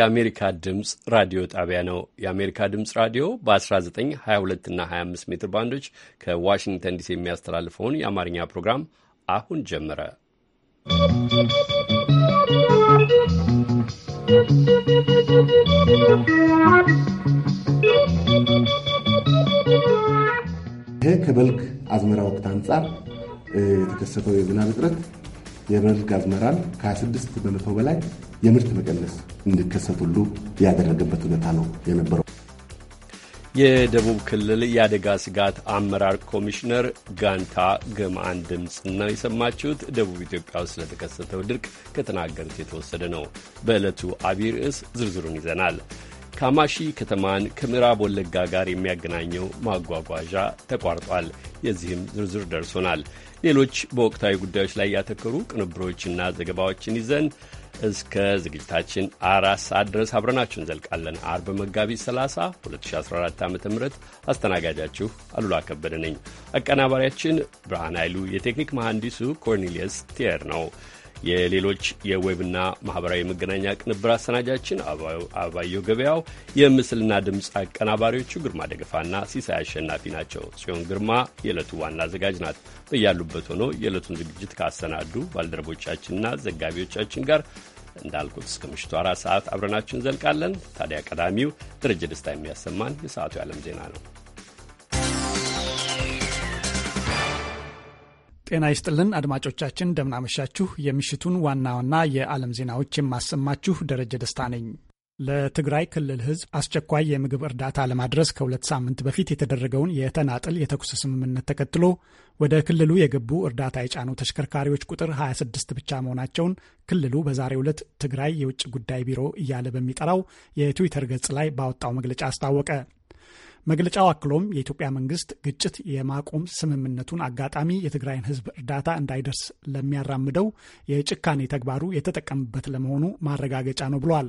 የአሜሪካ ድምፅ ራዲዮ ጣቢያ ነው። የአሜሪካ ድምፅ ራዲዮ በ1922 እና 25 ሜትር ባንዶች ከዋሽንግተን ዲሲ የሚያስተላልፈውን የአማርኛ ፕሮግራም አሁን ጀመረ። ይህ ከበልግ አዝመራ ወቅት አንጻር የተከሰተው የዝናብ እጥረት የበልግ አዝመራን ከ26 በመቶ በላይ የምርት መቀነስ እንዲከሰት ሁሉ ያደረገበት ሁኔታ ነው የነበረው። የደቡብ ክልል የአደጋ ስጋት አመራር ኮሚሽነር ጋንታ ገማን ድምፅ ነው የሰማችሁት። ደቡብ ኢትዮጵያ ውስጥ ስለተከሰተው ድርቅ ከተናገሩት የተወሰደ ነው። በዕለቱ አቢይ ርዕስ ዝርዝሩን ይዘናል። ካማሺ ከተማን ከምዕራብ ወለጋ ጋር የሚያገናኘው ማጓጓዣ ተቋርጧል። የዚህም ዝርዝር ደርሶናል። ሌሎች በወቅታዊ ጉዳዮች ላይ ያተኮሩ ቅንብሮችና ዘገባዎችን ይዘን እስከ ዝግጅታችን አራት ሰዓት ድረስ አብረናችሁ እንዘልቃለን። አርብ መጋቢት 30 2014 ዓ ም አስተናጋጃችሁ አሉላ ከበደ ነኝ። አቀናባሪያችን ብርሃን ኃይሉ፣ የቴክኒክ መሐንዲሱ ኮርኔልየስ ቲየር ነው። የሌሎች የዌብና ማኅበራዊ መገናኛ ቅንብር አሰናጃችን አበባየሁ ገበያው፣ የምስልና ድምፅ አቀናባሪዎቹ ግርማ ደገፋና ሲሳይ አሸናፊ ናቸው። ጽዮን ግርማ የዕለቱ ዋና አዘጋጅ ናት። በያሉበት ሆኖ የዕለቱን ዝግጅት ካሰናዱ ባልደረቦቻችንና ዘጋቢዎቻችን ጋር እንዳልኩት እስከ ምሽቱ አራት ሰዓት አብረናችሁ እንዘልቃለን። ታዲያ ቀዳሚው ደረጀ ደስታ የሚያሰማን የሰዓቱ የዓለም ዜና ነው። ጤና ይስጥልን አድማጮቻችን፣ እንደምናመሻችሁ። የምሽቱን ዋና ዋና የዓለም ዜናዎች የማሰማችሁ ደረጀ ደስታ ነኝ። ለትግራይ ክልል ህዝብ አስቸኳይ የምግብ እርዳታ ለማድረስ ከሁለት ሳምንት በፊት የተደረገውን የተናጥል የተኩስ ስምምነት ተከትሎ ወደ ክልሉ የገቡ እርዳታ የጫኑ ተሽከርካሪዎች ቁጥር 26 ብቻ መሆናቸውን ክልሉ በዛሬው ዕለት ትግራይ የውጭ ጉዳይ ቢሮ እያለ በሚጠራው የትዊተር ገጽ ላይ ባወጣው መግለጫ አስታወቀ። መግለጫው አክሎም የኢትዮጵያ መንግስት ግጭት የማቆም ስምምነቱን አጋጣሚ የትግራይን ህዝብ እርዳታ እንዳይደርስ ለሚያራምደው የጭካኔ ተግባሩ የተጠቀምበት ለመሆኑ ማረጋገጫ ነው ብሏል።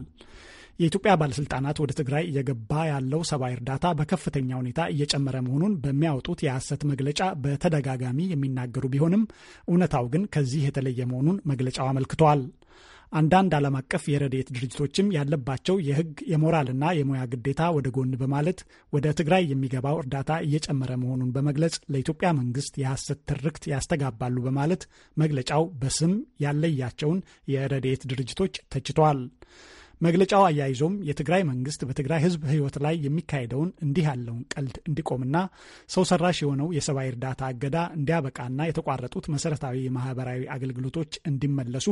የኢትዮጵያ ባለስልጣናት ወደ ትግራይ እየገባ ያለው ሰብአዊ እርዳታ በከፍተኛ ሁኔታ እየጨመረ መሆኑን በሚያወጡት የሐሰት መግለጫ በተደጋጋሚ የሚናገሩ ቢሆንም እውነታው ግን ከዚህ የተለየ መሆኑን መግለጫው አመልክቷል። አንዳንድ ዓለም አቀፍ የረድኤት ድርጅቶችም ያለባቸው የህግ የሞራልና የሙያ ግዴታ ወደ ጎን በማለት ወደ ትግራይ የሚገባው እርዳታ እየጨመረ መሆኑን በመግለጽ ለኢትዮጵያ መንግስት የሐሰት ትርክት ያስተጋባሉ በማለት መግለጫው በስም ያለያቸውን የረድኤት ድርጅቶች ተችቷል። መግለጫው አያይዞም የትግራይ መንግስት በትግራይ ህዝብ ህይወት ላይ የሚካሄደውን እንዲህ ያለውን ቀልድ እንዲቆምና ሰው ሰራሽ የሆነው የሰብአዊ እርዳታ እገዳ እንዲያበቃና የተቋረጡት መሰረታዊ የማህበራዊ አገልግሎቶች እንዲመለሱ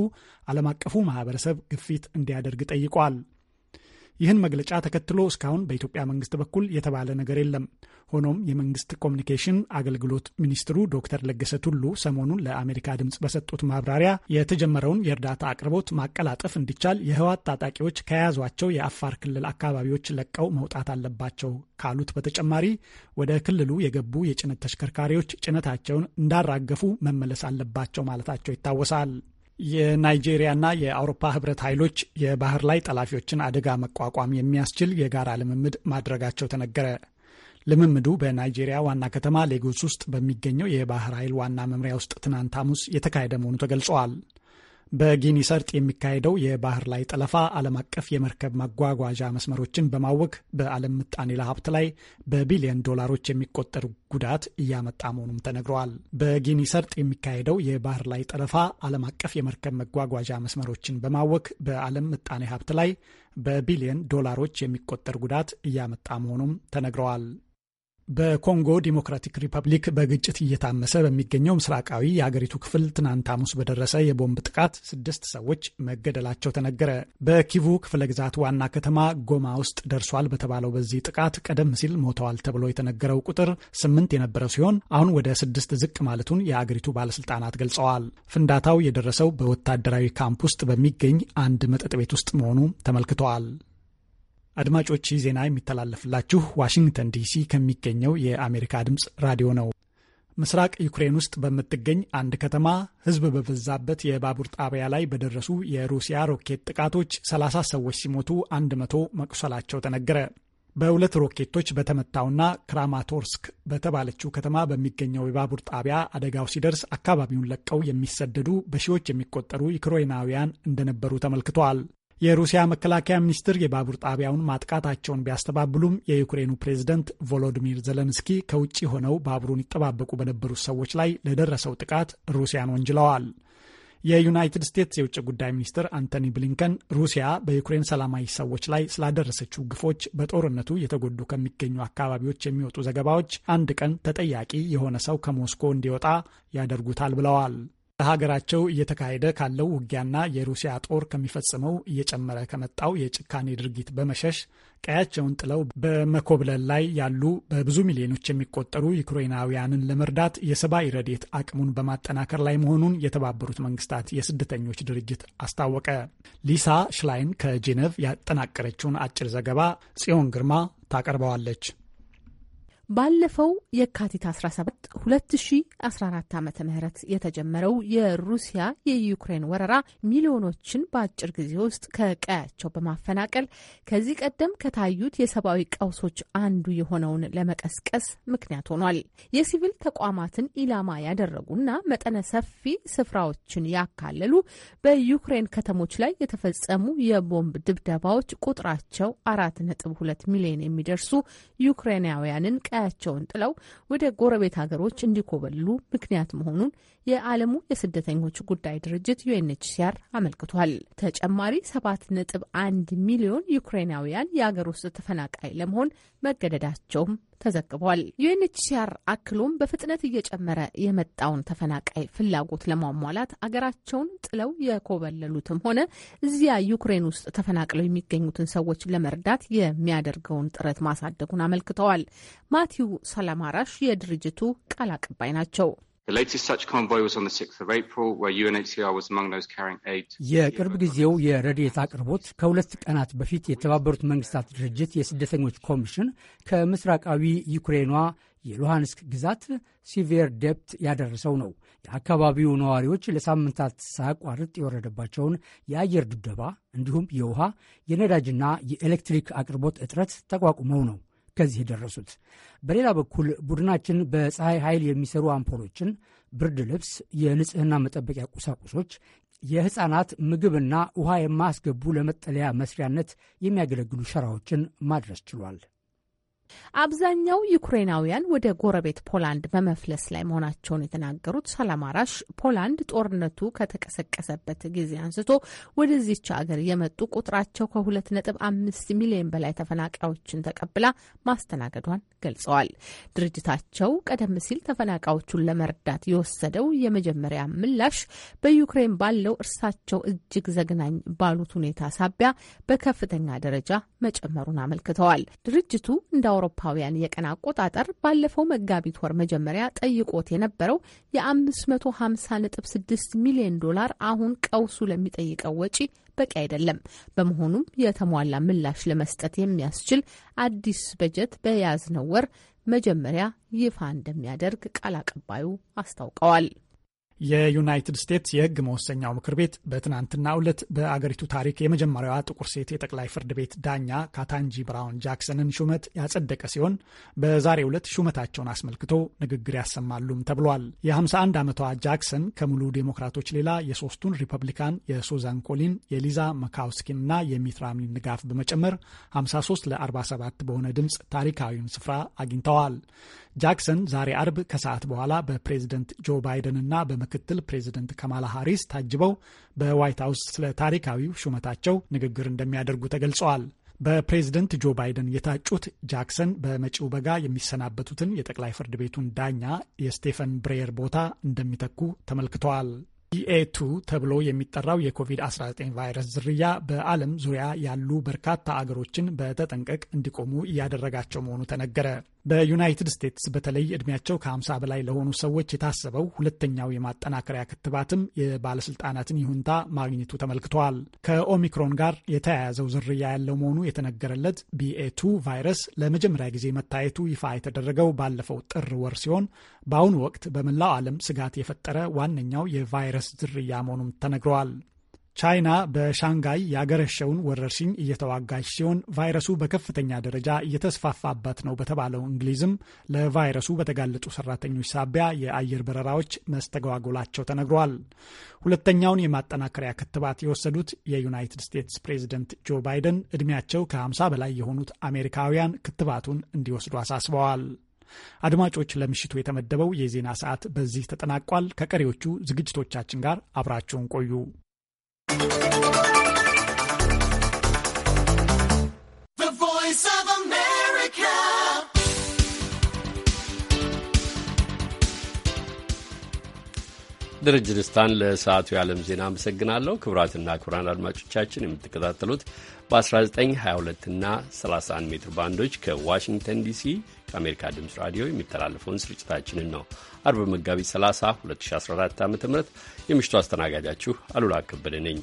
ዓለም አቀፉ ማህበረሰብ ግፊት እንዲያደርግ ጠይቋል። ይህን መግለጫ ተከትሎ እስካሁን በኢትዮጵያ መንግስት በኩል የተባለ ነገር የለም። ሆኖም የመንግስት ኮሚኒኬሽን አገልግሎት ሚኒስትሩ ዶክተር ለገሰ ቱሉ ሰሞኑን ለአሜሪካ ድምፅ በሰጡት ማብራሪያ የተጀመረውን የእርዳታ አቅርቦት ማቀላጠፍ እንዲቻል የህወሓት ታጣቂዎች ከያዟቸው የአፋር ክልል አካባቢዎች ለቀው መውጣት አለባቸው ካሉት በተጨማሪ ወደ ክልሉ የገቡ የጭነት ተሽከርካሪዎች ጭነታቸውን እንዳራገፉ መመለስ አለባቸው ማለታቸው ይታወሳል። የናይጄሪያና የአውሮፓ ህብረት ኃይሎች የባህር ላይ ጠላፊዎችን አደጋ መቋቋም የሚያስችል የጋራ ልምምድ ማድረጋቸው ተነገረ። ልምምዱ በናይጄሪያ ዋና ከተማ ሌጎስ ውስጥ በሚገኘው የባህር ኃይል ዋና መምሪያ ውስጥ ትናንት ሐሙስ የተካሄደ መሆኑ ተገልጸዋል። በጊኒ ሰርጥ የሚካሄደው የባህር ላይ ጠለፋ ዓለም አቀፍ የመርከብ ማጓጓዣ መስመሮችን በማወክ በዓለም ምጣኔ ሀብት ላይ በቢሊዮን ዶላሮች የሚቆጠር ጉዳት እያመጣ መሆኑም ተነግረዋል። በጊኒ ሰርጥ የሚካሄደው የባህር ላይ ጠለፋ ዓለም አቀፍ የመርከብ መጓጓዣ መስመሮችን በማወክ በዓለም ምጣኔ ሀብት ላይ በቢሊዮን ዶላሮች የሚቆጠር ጉዳት እያመጣ መሆኑም ተነግረዋል። በኮንጎ ዲሞክራቲክ ሪፐብሊክ በግጭት እየታመሰ በሚገኘው ምስራቃዊ የአገሪቱ ክፍል ትናንት ሐሙስ በደረሰ የቦምብ ጥቃት ስድስት ሰዎች መገደላቸው ተነገረ። በኪቩ ክፍለ ግዛት ዋና ከተማ ጎማ ውስጥ ደርሷል በተባለው በዚህ ጥቃት ቀደም ሲል ሞተዋል ተብሎ የተነገረው ቁጥር ስምንት የነበረ ሲሆን አሁን ወደ ስድስት ዝቅ ማለቱን የአገሪቱ ባለስልጣናት ገልጸዋል። ፍንዳታው የደረሰው በወታደራዊ ካምፕ ውስጥ በሚገኝ አንድ መጠጥ ቤት ውስጥ መሆኑ ተመልክተዋል። አድማጮች ዜና የሚተላለፍላችሁ ዋሽንግተን ዲሲ ከሚገኘው የአሜሪካ ድምፅ ራዲዮ ነው። ምስራቅ ዩክሬን ውስጥ በምትገኝ አንድ ከተማ ሕዝብ በበዛበት የባቡር ጣቢያ ላይ በደረሱ የሩሲያ ሮኬት ጥቃቶች 30 ሰዎች ሲሞቱ 100 መቁሰላቸው ተነገረ። በሁለት ሮኬቶች በተመታውና ክራማቶርስክ በተባለችው ከተማ በሚገኘው የባቡር ጣቢያ አደጋው ሲደርስ አካባቢውን ለቀው የሚሰደዱ በሺዎች የሚቆጠሩ ዩክሬናውያን እንደነበሩ ተመልክተዋል። የሩሲያ መከላከያ ሚኒስትር የባቡር ጣቢያውን ማጥቃታቸውን ቢያስተባብሉም የዩክሬኑ ፕሬዝደንት ቮሎዲሚር ዘለንስኪ ከውጭ ሆነው ባቡሩን ይጠባበቁ በነበሩት ሰዎች ላይ ለደረሰው ጥቃት ሩሲያን ወንጅለዋል። የዩናይትድ ስቴትስ የውጭ ጉዳይ ሚኒስትር አንቶኒ ብሊንከን ሩሲያ በዩክሬን ሰላማዊ ሰዎች ላይ ስላደረሰችው ግፎች በጦርነቱ የተጎዱ ከሚገኙ አካባቢዎች የሚወጡ ዘገባዎች አንድ ቀን ተጠያቂ የሆነ ሰው ከሞስኮ እንዲወጣ ያደርጉታል ብለዋል። በሀገራቸው እየተካሄደ ካለው ውጊያና የሩሲያ ጦር ከሚፈጽመው እየጨመረ ከመጣው የጭካኔ ድርጊት በመሸሽ ቀያቸውን ጥለው በመኮብለል ላይ ያሉ በብዙ ሚሊዮኖች የሚቆጠሩ ዩክሬናውያንን ለመርዳት የሰብአዊ ረዴት አቅሙን በማጠናከር ላይ መሆኑን የተባበሩት መንግስታት የስደተኞች ድርጅት አስታወቀ። ሊሳ ሽላይን ከጄኔቭ ያጠናቀረችውን አጭር ዘገባ ጽዮን ግርማ ታቀርበዋለች። ባለፈው የካቲት 17 2014 ዓ ም የተጀመረው የሩሲያ የዩክሬን ወረራ ሚሊዮኖችን በአጭር ጊዜ ውስጥ ከቀያቸው በማፈናቀል ከዚህ ቀደም ከታዩት የሰብአዊ ቀውሶች አንዱ የሆነውን ለመቀስቀስ ምክንያት ሆኗል። የሲቪል ተቋማትን ኢላማ ያደረጉና መጠነ ሰፊ ስፍራዎችን ያካለሉ በዩክሬን ከተሞች ላይ የተፈጸሙ የቦምብ ድብደባዎች ቁጥራቸው አራት ነጥብ ሁለት ሚሊዮን የሚደርሱ ዩክሬናውያንን ቀ ቀያቸውን ጥለው ወደ ጎረቤት ሀገሮች እንዲኮበልሉ ምክንያት መሆኑን የዓለሙ የስደተኞች ጉዳይ ድርጅት ዩኤንኤችሲአር አመልክቷል። ተጨማሪ ሰባት ነጥብ ሚሊዮን ዩክሬናውያን የአገር ውስጥ ተፈናቃይ ለመሆን መገደዳቸውም ተዘግቧል። ዩኤንኤችሲአር አክሎም በፍጥነት እየጨመረ የመጣውን ተፈናቃይ ፍላጎት ለማሟላት አገራቸውን ጥለው የኮበለሉትም ሆነ እዚያ ዩክሬን ውስጥ ተፈናቅለው የሚገኙትን ሰዎች ለመርዳት የሚያደርገውን ጥረት ማሳደጉን አመልክተዋል። ማቲው ሰላማራሽ የድርጅቱ ቃል አቀባይ ናቸው። የቅርብ ጊዜው የረድኤት አቅርቦት ከሁለት ቀናት በፊት የተባበሩት መንግስታት ድርጅት የስደተኞች ኮሚሽን ከምስራቃዊ ዩክሬኗ የሉሃንስክ ግዛት ሲቪየር ዴፕት ያደረሰው ነው። የአካባቢው ነዋሪዎች ለሳምንታት ሳያቋርጥ የወረደባቸውን የአየር ድብደባ እንዲሁም የውሃ የነዳጅና የኤሌክትሪክ አቅርቦት እጥረት ተቋቁመው ነው እስከዚህ የደረሱት። በሌላ በኩል ቡድናችን በፀሐይ ኃይል የሚሰሩ አምፖሎችን፣ ብርድ ልብስ፣ የንጽህና መጠበቂያ ቁሳቁሶች፣ የሕፃናት ምግብና ውሃ የማያስገቡ ለመጠለያ መስሪያነት የሚያገለግሉ ሸራዎችን ማድረስ ችሏል። አብዛኛው ዩክሬናውያን ወደ ጎረቤት ፖላንድ በመፍለስ ላይ መሆናቸውን የተናገሩት ሰላም አራሽ ፖላንድ ጦርነቱ ከተቀሰቀሰበት ጊዜ አንስቶ ወደዚች አገር የመጡ ቁጥራቸው ከ2.5 ሚሊዮን በላይ ተፈናቃዮችን ተቀብላ ማስተናገዷን ገልጸዋል። ድርጅታቸው ቀደም ሲል ተፈናቃዮቹን ለመርዳት የወሰደው የመጀመሪያ ምላሽ በዩክሬን ባለው እርሳቸው እጅግ ዘግናኝ ባሉት ሁኔታ ሳቢያ በከፍተኛ ደረጃ መጨመሩን አመልክተዋል። ድርጅቱ እንዳ አውሮፓውያን የቀን አቆጣጠር ባለፈው መጋቢት ወር መጀመሪያ ጠይቆት የነበረው የ550.6 ሚሊዮን ዶላር አሁን ቀውሱ ለሚጠይቀው ወጪ በቂ አይደለም። በመሆኑም የተሟላ ምላሽ ለመስጠት የሚያስችል አዲስ በጀት በያዝነው ወር መጀመሪያ ይፋ እንደሚያደርግ ቃል አቀባዩ አስታውቀዋል። የዩናይትድ ስቴትስ የህግ መወሰኛው ምክር ቤት በትናንትናው ዕለት በአገሪቱ ታሪክ የመጀመሪያዋ ጥቁር ሴት የጠቅላይ ፍርድ ቤት ዳኛ ካታንጂ ብራውን ጃክሰንን ሹመት ያጸደቀ ሲሆን በዛሬው ዕለት ሹመታቸውን አስመልክቶ ንግግር ያሰማሉም ተብሏል። የ51 ዓመቷ ጃክሰን ከሙሉ ዴሞክራቶች ሌላ የሶስቱን ሪፐብሊካን የሱዛን ኮሊን፣ የሊዛ መካውስኪን እና የሚት ሮምኒን ድጋፍ በመጨመር 53 ለ47 በሆነ ድምፅ ታሪካዊውን ስፍራ አግኝተዋል። ጃክሰን ዛሬ አርብ ከሰዓት በኋላ በፕሬዝደንት ጆ ባይደን እና በምክትል ፕሬዝደንት ካማላ ሃሪስ ታጅበው በዋይት ሀውስ ስለ ታሪካዊው ሹመታቸው ንግግር እንደሚያደርጉ ተገልጸዋል። በፕሬዝደንት ጆ ባይደን የታጩት ጃክሰን በመጪው በጋ የሚሰናበቱትን የጠቅላይ ፍርድ ቤቱን ዳኛ የስቴፈን ብሬየር ቦታ እንደሚተኩ ተመልክተዋል። ኢኤቱ ተብሎ የሚጠራው የኮቪድ-19 ቫይረስ ዝርያ በዓለም ዙሪያ ያሉ በርካታ አገሮችን በተጠንቀቅ እንዲቆሙ እያደረጋቸው መሆኑ ተነገረ። በዩናይትድ ስቴትስ በተለይ ዕድሜያቸው ከ50 በላይ ለሆኑ ሰዎች የታሰበው ሁለተኛው የማጠናከሪያ ክትባትም የባለስልጣናትን ይሁንታ ማግኘቱ ተመልክተዋል። ከኦሚክሮን ጋር የተያያዘው ዝርያ ያለው መሆኑ የተነገረለት ቢኤቱ ቫይረስ ለመጀመሪያ ጊዜ መታየቱ ይፋ የተደረገው ባለፈው ጥር ወር ሲሆን በአሁኑ ወቅት በመላው ዓለም ስጋት የፈጠረ ዋነኛው የቫይረስ ዝርያ መሆኑም ተነግረዋል። ቻይና በሻንጋይ ያገረሸውን ወረርሽኝ እየተዋጋች ሲሆን ቫይረሱ በከፍተኛ ደረጃ እየተስፋፋባት ነው በተባለው እንግሊዝም ለቫይረሱ በተጋለጡ ሰራተኞች ሳቢያ የአየር በረራዎች መስተጓጎላቸው ተነግሯል። ሁለተኛውን የማጠናከሪያ ክትባት የወሰዱት የዩናይትድ ስቴትስ ፕሬዝደንት ጆ ባይደን ዕድሜያቸው ከ50 በላይ የሆኑት አሜሪካውያን ክትባቱን እንዲወስዱ አሳስበዋል። አድማጮች፣ ለምሽቱ የተመደበው የዜና ሰዓት በዚህ ተጠናቋል። ከቀሪዎቹ ዝግጅቶቻችን ጋር አብራችሁን ቆዩ። ድርጅ ደስታን ለሰዓቱ የዓለም ዜና አመሰግናለሁ። ክቡራትና ክቡራን አድማጮቻችን የምትከታተሉት በ1922 እና 31 ሜትር ባንዶች ከዋሽንግተን ዲሲ ከአሜሪካ ድምፅ ራዲዮ የሚተላለፈውን ስርጭታችንን ነው። አርብ መጋቢት 30 2014 ዓ ም የምሽቱ አስተናጋጃችሁ አሉላ ከበደ ነኝ።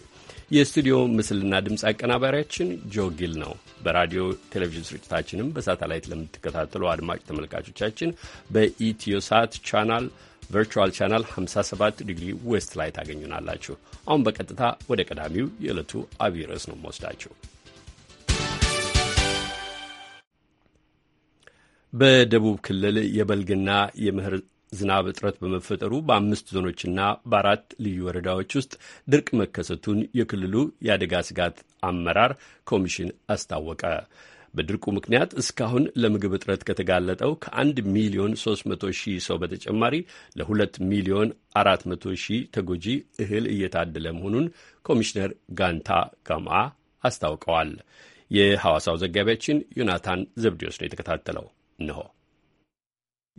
የስቱዲዮ ምስልና ድምፅ አቀናባሪያችን ጆ ጊል ነው። በራዲዮ ቴሌቪዥን ስርጭታችንም በሳተላይት ለምትከታተሉ አድማጭ ተመልካቾቻችን በኢትዮሳት ቻናል ቨርቹዋል ቻናል 57 ዲግሪ ዌስት ላይ ታገኙናላችሁ። አሁን በቀጥታ ወደ ቀዳሚው የዕለቱ አብይ ርዕስ ነው መወስዳችሁ በደቡብ ክልል የበልግና የምህር ዝናብ እጥረት በመፈጠሩ በአምስት ዞኖችና በአራት ልዩ ወረዳዎች ውስጥ ድርቅ መከሰቱን የክልሉ የአደጋ ስጋት አመራር ኮሚሽን አስታወቀ። በድርቁ ምክንያት እስካሁን ለምግብ እጥረት ከተጋለጠው ከ1 ሚሊዮን 300 ሺህ ሰው በተጨማሪ ለ2 ሚሊዮን 400 ሺህ ተጎጂ እህል እየታደለ መሆኑን ኮሚሽነር ጋንታ ጋማ አስታውቀዋል። የሐዋሳው ዘጋቢያችን ዮናታን ዘብዴዎስ ነው የተከታተለው። እንሆ።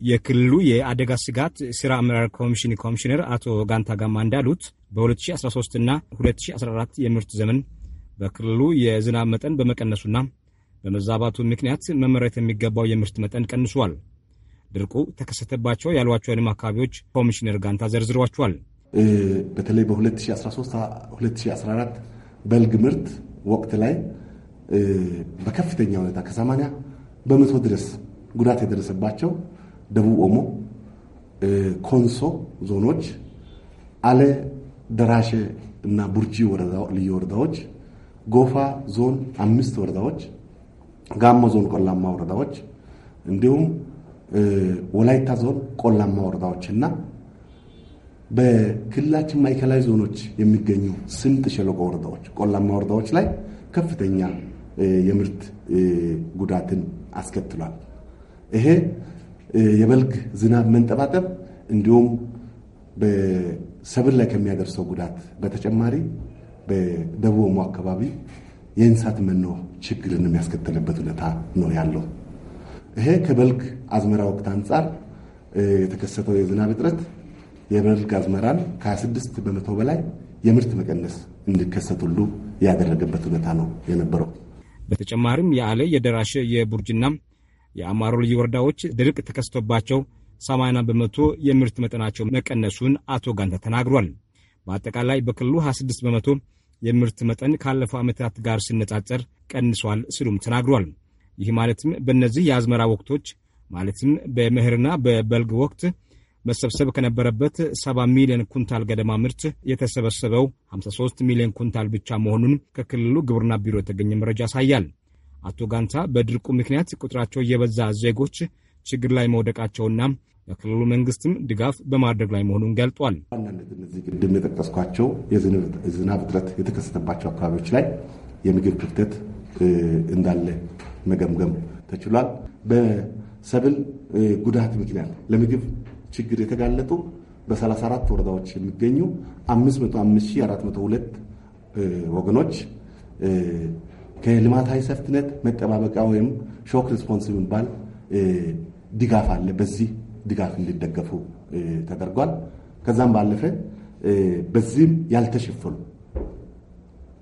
የክልሉ የአደጋ ስጋት ስራ አመራር ኮሚሽን ኮሚሽነር አቶ ጋንታ ጋማ እንዳሉት በ2013 እና 2014 የምርት ዘመን በክልሉ የዝናብ መጠን በመቀነሱና በመዛባቱ ምክንያት መመረት የሚገባው የምርት መጠን ቀንሷል። ድርቁ ተከሰተባቸው ያሏቸውንም አካባቢዎች ኮሚሽነር ጋንታ ዘርዝሯቸዋል። በተለይ በ2013/2014 በልግ ምርት ወቅት ላይ በከፍተኛ ሁኔታ ከ80 በመቶ ድረስ ጉዳት የደረሰባቸው ደቡብ ኦሞ፣ ኮንሶ ዞኖች፣ አለ ደራሼ እና ቡርጂ ልዩ ወረዳዎች፣ ጎፋ ዞን አምስት ወረዳዎች፣ ጋሞ ዞን ቆላማ ወረዳዎች እንዲሁም ወላይታ ዞን ቆላማ ወረዳዎች እና በክልላችን ማዕከላዊ ዞኖች የሚገኙ ስምጥ ሸለቆ ወረዳዎች ቆላማ ወረዳዎች ላይ ከፍተኛ የምርት ጉዳትን አስከትሏል። ይሄ የበልግ ዝናብ መንጠባጠብ እንዲሁም በሰብል ላይ ከሚያደርሰው ጉዳት በተጨማሪ በደቡብ ኦሞ አካባቢ የእንስሳት መኖ ችግርን የሚያስከትልበት ሁኔታ ነው ያለው። ይሄ ከበልግ አዝመራ ወቅት አንጻር የተከሰተው የዝናብ እጥረት የበልግ አዝመራን ከ26 በመቶ በላይ የምርት መቀነስ እንዲከሰት ሁሉ ያደረገበት ሁኔታ ነው የነበረው። በተጨማሪም የአለ የደራሸ የቡርጅና የአማሮ ልዩ ወረዳዎች ድርቅ ተከስቶባቸው 80 በመቶ የምርት መጠናቸው መቀነሱን አቶ ጋንታ ተናግሯል። በአጠቃላይ በክልሉ 26 በመቶ የምርት መጠን ካለፈው ዓመታት ጋር ሲነጻጸር ቀንሷል ሲሉም ተናግሯል። ይህ ማለትም በእነዚህ የአዝመራ ወቅቶች ማለትም በምህርና በበልግ ወቅት መሰብሰብ ከነበረበት 70 ሚሊዮን ኩንታል ገደማ ምርት የተሰበሰበው 53 ሚሊዮን ኩንታል ብቻ መሆኑን ከክልሉ ግብርና ቢሮ የተገኘ መረጃ ያሳያል። አቶ ጋንታ በድርቁ ምክንያት ቁጥራቸው የበዛ ዜጎች ችግር ላይ መውደቃቸውና የክልሉ መንግስትም ድጋፍ በማድረግ ላይ መሆኑን ገልጧል። አንዳንድ እነዚህ ቅድም የጠቀስኳቸው የዝናብ እጥረት የተከሰተባቸው አካባቢዎች ላይ የምግብ ክፍተት እንዳለ መገምገም ተችሏል። በሰብል ጉዳት ምክንያት ለምግብ ችግር የተጋለጡ በ34 ወረዳዎች የሚገኙ 55402 ወገኖች ከልማታዊ ሰፍትነት መጠባበቂያ ወይም ሾክ ሪስፖንስ የሚባል ድጋፍ አለ። በዚህ ድጋፍ እንዲደገፉ ተደርጓል። ከዛም ባለፈ በዚህም ያልተሸፈኑ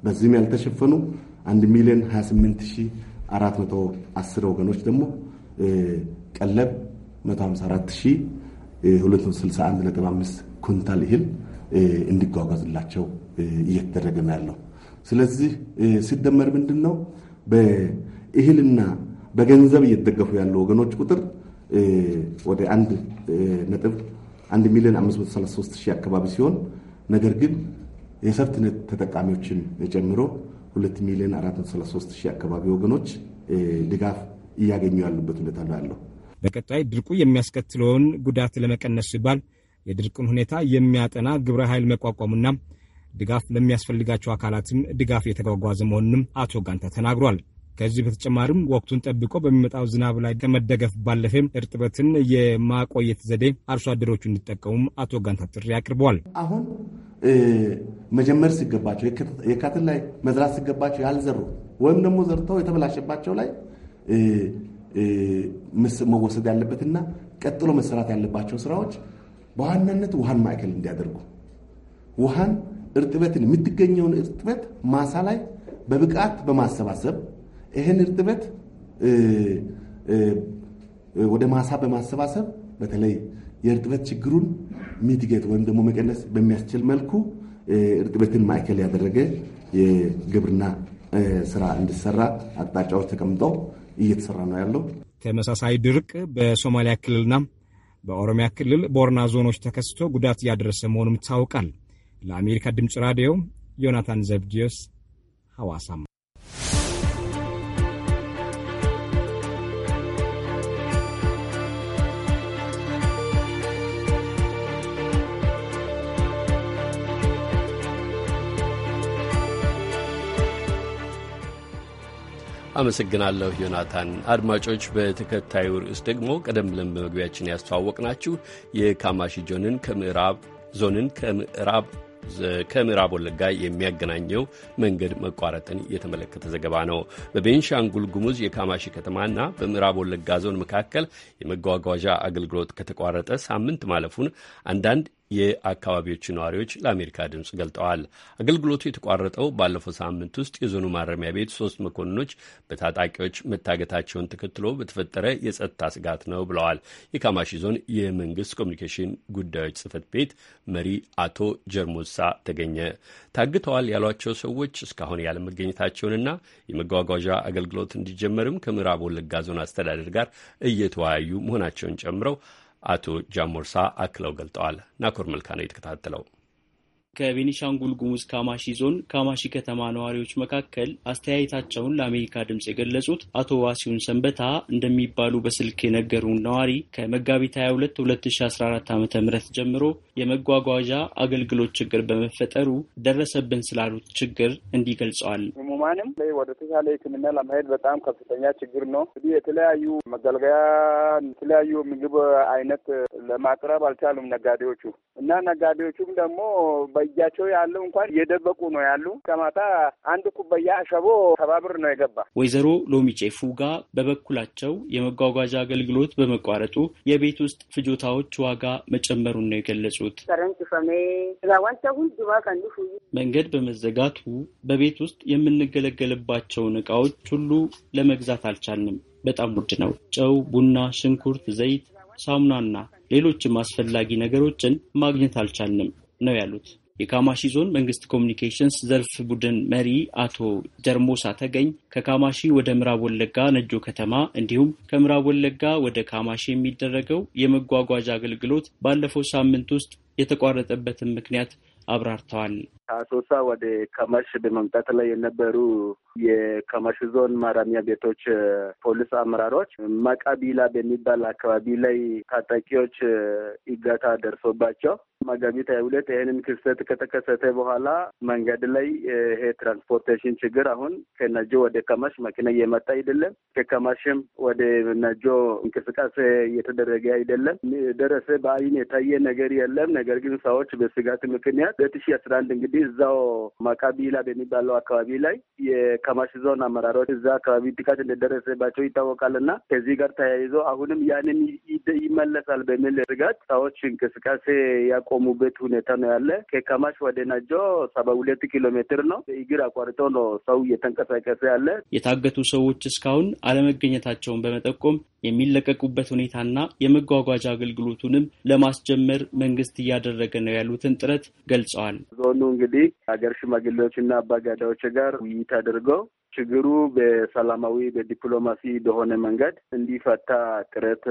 በዚህም ያልተሸፈኑ 1 ሚሊዮን 28410 ወገኖች ደግሞ ቀለብ 154261.5 ኩንታል እህል እንዲጓጓዝላቸው እየተደረገ ነው ያለው። ስለዚህ ሲደመር ምንድን ነው በእህልና በገንዘብ እየተደገፉ ያሉ ወገኖች ቁጥር ወደ አንድ ነጥብ አንድ ሚሊዮን አምስት መቶ ሰላሳ ሶስት ሺህ አካባቢ ሲሆን ነገር ግን የሰብትነት ተጠቃሚዎችን ጨምሮ ሁለት ሚሊዮን አራት መቶ ሰላሳ ሶስት ሺህ አካባቢ ወገኖች ድጋፍ እያገኙ ያሉበት ሁኔታ ነው ያለው። በቀጣይ ድርቁ የሚያስከትለውን ጉዳት ለመቀነስ ሲባል የድርቅን ሁኔታ የሚያጠና ግብረ ኃይል መቋቋሙና ድጋፍ ለሚያስፈልጋቸው አካላትም ድጋፍ የተጓጓዘ መሆኑንም አቶ ጋንታ ተናግሯል። ከዚህ በተጨማሪም ወቅቱን ጠብቆ በሚመጣው ዝናብ ላይ ከመደገፍ ባለፈ እርጥበትን የማቆየት ዘዴ አርሶ አደሮቹ እንዲጠቀሙም አቶ ጋንታ ጥሪ አቅርበዋል። አሁን መጀመር ሲገባቸው የካቲት ላይ መዝራት ሲገባቸው ያልዘሩ ወይም ደግሞ ዘርተው የተበላሸባቸው ላይ መወሰድ ያለበትና ቀጥሎ መሰራት ያለባቸው ስራዎች በዋናነት ውሃን ማዕከል እንዲያደርጉ ውሃን እርጥበትን የምትገኘውን እርጥበት ማሳ ላይ በብቃት በማሰባሰብ ይህን እርጥበት ወደ ማሳ በማሰባሰብ በተለይ የእርጥበት ችግሩን ሚትጌት ወይም ደግሞ መቀነስ በሚያስችል መልኩ እርጥበትን ማዕከል ያደረገ የግብርና ስራ እንዲሰራ አቅጣጫዎች ተቀምጠው እየተሰራ ነው ያለው። ተመሳሳይ ድርቅ በሶማሊያ ክልልና በኦሮሚያ ክልል ቦረና ዞኖች ተከስቶ ጉዳት እያደረሰ መሆኑም ይታወቃል። ለአሜሪካ ድምፅ ራዲዮ ዮናታን ዘብድዮስ ሐዋሳም አመሰግናለሁ ዮናታን። አድማጮች፣ በተከታዩ ርዕስ ደግሞ ቀደም ብለን በመግቢያችን ያስተዋወቅናችሁ የካማሺ ዞንን ከምዕራብ ዞንን ከምዕራብ ከምዕራብ ወለጋ የሚያገናኘው መንገድ መቋረጥን የተመለከተ ዘገባ ነው። በቤንሻንጉል ጉሙዝ የካማሺ ከተማና በምዕራብ ወለጋ ዞን መካከል የመጓጓዣ አገልግሎት ከተቋረጠ ሳምንት ማለፉን አንዳንድ የአካባቢዎቹ ነዋሪዎች ለአሜሪካ ድምፅ ገልጠዋል። አገልግሎቱ የተቋረጠው ባለፈው ሳምንት ውስጥ የዞኑ ማረሚያ ቤት ሶስት መኮንኖች በታጣቂዎች መታገታቸውን ተከትሎ በተፈጠረ የጸጥታ ስጋት ነው ብለዋል። የካማሺ ዞን የመንግስት ኮሚኒኬሽን ጉዳዮች ጽህፈት ቤት መሪ አቶ ጀርሞሳ ተገኘ ታግተዋል ያሏቸው ሰዎች እስካሁን ያለመገኘታቸውንና የመጓጓዣ አገልግሎት እንዲጀመርም ከምዕራብ ወለጋ ዞን አስተዳደር ጋር እየተወያዩ መሆናቸውን ጨምረው አቶ ጃሞርሳ አክለው ገልጠዋል። ናኮር መልካ ነው የተከታተለው። ከቤኒሻንጉል ጉሙዝ ካማሺ ዞን ካማሺ ከተማ ነዋሪዎች መካከል አስተያየታቸውን ለአሜሪካ ድምፅ የገለጹት አቶ ዋሲሁን ሰንበታ እንደሚባሉ በስልክ የነገሩን ነዋሪ ከመጋቢት 22 2014 ዓ ም ጀምሮ የመጓጓዣ አገልግሎት ችግር በመፈጠሩ ደረሰብን ስላሉት ችግር እንዲህ ገልጸዋል። ህሙማንም ወደ ተሻለ ሕክምና ለመሄድ በጣም ከፍተኛ ችግር ነው። እንግዲህ የተለያዩ መገልገያ የተለያዩ ምግብ አይነት ለማቅረብ አልቻሉም ነጋዴዎቹ እና ነጋዴዎቹም ደግሞ በእጃቸው ያለው እንኳን እየደበቁ ነው ያሉ። ከማታ አንድ ኩባያ አሸቦ ሰባ ብር ነው የገባ። ወይዘሮ ሎሚጬ ፉጋ በበኩላቸው የመጓጓዣ አገልግሎት በመቋረጡ የቤት ውስጥ ፍጆታዎች ዋጋ መጨመሩን ነው የገለጹት። መንገድ በመዘጋቱ በቤት ውስጥ የምንገለገልባቸውን እቃዎች ሁሉ ለመግዛት አልቻልንም። በጣም ውድ ነው። ጨው፣ ቡና፣ ሽንኩርት፣ ዘይት፣ ሳሙናና ሌሎችም አስፈላጊ ነገሮችን ማግኘት አልቻልንም ነው ያሉት። የካማሺ ዞን መንግስት ኮሚኒኬሽንስ ዘርፍ ቡድን መሪ አቶ ጀርሞሳ ተገኝ ከካማሺ ወደ ምዕራብ ወለጋ ነጆ ከተማ እንዲሁም ከምዕራብ ወለጋ ወደ ካማሺ የሚደረገው የመጓጓዣ አገልግሎት ባለፈው ሳምንት ውስጥ የተቋረጠበትን ምክንያት አብራርተዋል። ከአሶሳ ወደ ከማሽ በመምጣት ላይ የነበሩ የከማሽ ዞን ማረሚያ ቤቶች ፖሊስ አመራሮች መቃቢላ በሚባል አካባቢ ላይ ታጣቂዎች እገታ ደርሶባቸው መጋቢት ሀያ ሁለት ይህንን ክስተት ከተከሰተ በኋላ መንገድ ላይ ይሄ ትራንስፖርቴሽን ችግር አሁን ከነጆ ወደ ከማሽ መኪና እየመጣ አይደለም። ከከማሽም ወደ ነጆ እንቅስቃሴ እየተደረገ አይደለም። ደረሰ በአይን የታየ ነገር የለም። ነገር ግን ሰዎች በስጋት ምክንያት ሁለት ሺ አስራ አንድ እንግዲህ እዛው ማቃቢላ በሚባለው አካባቢ ላይ የከማሽ ዞን አመራሮች እዛ አካባቢ ጥቃት እንደደረሰባቸው ይታወቃል እና ከዚህ ጋር ተያይዞ አሁንም ያንን ይመለሳል በሚል ስጋት ሰዎች እንቅስቃሴ ያቆሙበት ሁኔታ ነው ያለ። ከከማሽ ወደ ናጆ ሰባ ሁለት ኪሎ ሜትር ነው። እግር አቋርጠው ነው ሰው እየተንቀሳቀሰ ያለ። የታገቱ ሰዎች እስካሁን አለመገኘታቸውን በመጠቆም የሚለቀቁበት ሁኔታና የመጓጓዣ አገልግሎቱንም ለማስጀመር መንግስት እያደረገ ነው ያሉትን ጥረት ገል ገልጸዋል። ዞኑ እንግዲህ ሀገር ሽማግሌዎች አባጋዳዎች ጋር ውይይት አድርገው ችግሩ በሰላማዊ በዲፕሎማሲ በሆነ መንገድ እንዲፈታ ጥረት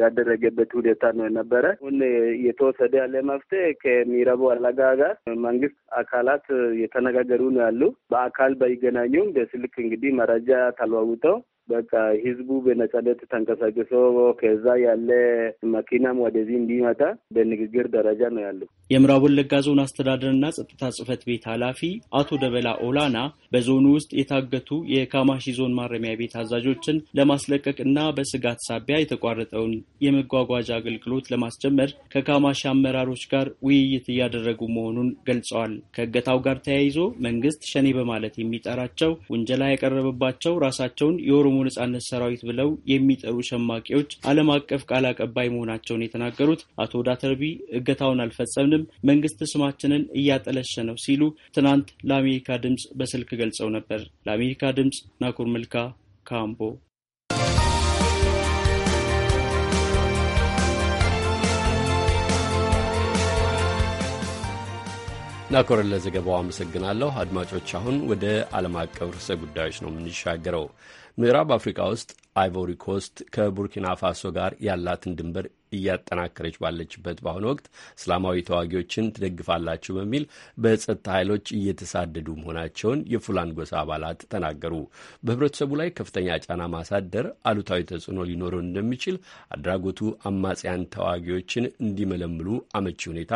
ያደረገበት ሁኔታ ነው የነበረ። አሁን እየተወሰደ ያለ መፍትሄ ከሚረቡ አላጋ ጋር መንግስት አካላት የተነጋገሩ ነው ያሉ። በአካል ባይገናኙም በስልክ እንግዲህ መረጃ ተለዋውጠው በቃ ህዝቡ በነጻነት ተንቀሳቅሶ ከዛ ያለ መኪናም ወደዚህ እንዲመጣ በንግግር ደረጃ ነው ያለው። የምዕራብ ወለጋ ዞን አስተዳደርና ጸጥታ ጽህፈት ቤት ኃላፊ አቶ ደበላ ኦላና በዞኑ ውስጥ የታገቱ የካማሺ ዞን ማረሚያ ቤት አዛዦችን ለማስለቀቅ እና በስጋት ሳቢያ የተቋረጠውን የመጓጓዣ አገልግሎት ለማስጀመር ከካማሺ አመራሮች ጋር ውይይት እያደረጉ መሆኑን ገልጸዋል። ከእገታው ጋር ተያይዞ መንግስት ሸኔ በማለት የሚጠራቸው ውንጀላ ያቀረበባቸው ራሳቸውን የኦሮሞ የኦሮሞ ነጻነት ሰራዊት ብለው የሚጠሩ ሸማቂዎች ዓለም አቀፍ ቃል አቀባይ መሆናቸውን የተናገሩት አቶ ዳተርቢ እገታውን አልፈጸምንም፣ መንግስት ስማችንን እያጠለሸ ነው ሲሉ ትናንት ለአሜሪካ ድምፅ በስልክ ገልጸው ነበር። ለአሜሪካ ድምፅ ናኩር መልካ ካምቦ ናኮርን ለዘገባው አመሰግናለሁ። አድማጮች አሁን ወደ ዓለም አቀፍ ርዕሰ ጉዳዮች ነው የምንሻገረው። ምዕራብ አፍሪካ ውስጥ አይቮሪ ኮስት ከቡርኪና ፋሶ ጋር ያላትን ድንበር እያጠናከረች ባለችበት በአሁኑ ወቅት እስላማዊ ተዋጊዎችን ትደግፋላችሁ በሚል በጸጥታ ኃይሎች እየተሳደዱ መሆናቸውን የፉላን ጎሳ አባላት ተናገሩ። በህብረተሰቡ ላይ ከፍተኛ ጫና ማሳደር አሉታዊ ተጽዕኖ ሊኖረው እንደሚችል አድራጎቱ አማጽያን ተዋጊዎችን እንዲመለምሉ አመቺ ሁኔታ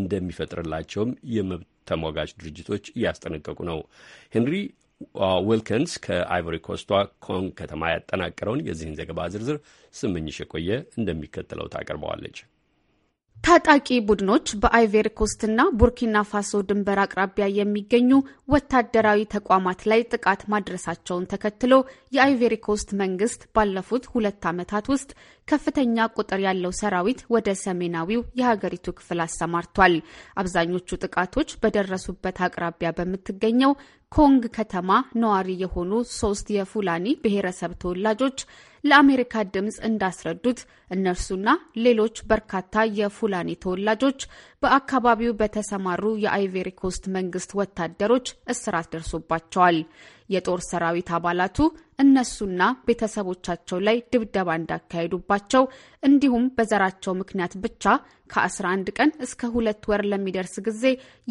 እንደሚፈጥርላቸውም የመብት ተሟጋች ድርጅቶች እያስጠነቀቁ ነው። ሄንሪ ዊልኪንስ ከአይቮሪ ኮስቷ ኮን ከተማ ያጠናቀረውን የዚህን ዘገባ ዝርዝር ስምኝሽ የቆየ እንደሚከተለው ታቀርበዋለች። ታጣቂ ቡድኖች በአይቬሪ ኮስትና ቡርኪና ፋሶ ድንበር አቅራቢያ የሚገኙ ወታደራዊ ተቋማት ላይ ጥቃት ማድረሳቸውን ተከትሎ የአይቬሪ ኮስት መንግስት ባለፉት ሁለት ዓመታት ውስጥ ከፍተኛ ቁጥር ያለው ሰራዊት ወደ ሰሜናዊው የሀገሪቱ ክፍል አሰማርቷል። አብዛኞቹ ጥቃቶች በደረሱበት አቅራቢያ በምትገኘው ኮንግ ከተማ ነዋሪ የሆኑ ሶስት የፉላኒ ብሔረሰብ ተወላጆች ለአሜሪካ ድምፅ እንዳስረዱት እነርሱና ሌሎች በርካታ የፉላኒ ተወላጆች በአካባቢው በተሰማሩ የአይቬሪ ኮስት መንግስት ወታደሮች እስራት ደርሶባቸዋል። የጦር ሰራዊት አባላቱ እነሱና ቤተሰቦቻቸው ላይ ድብደባ እንዳካሄዱባቸው እንዲሁም በዘራቸው ምክንያት ብቻ ከ11 ቀን እስከ ሁለት ወር ለሚደርስ ጊዜ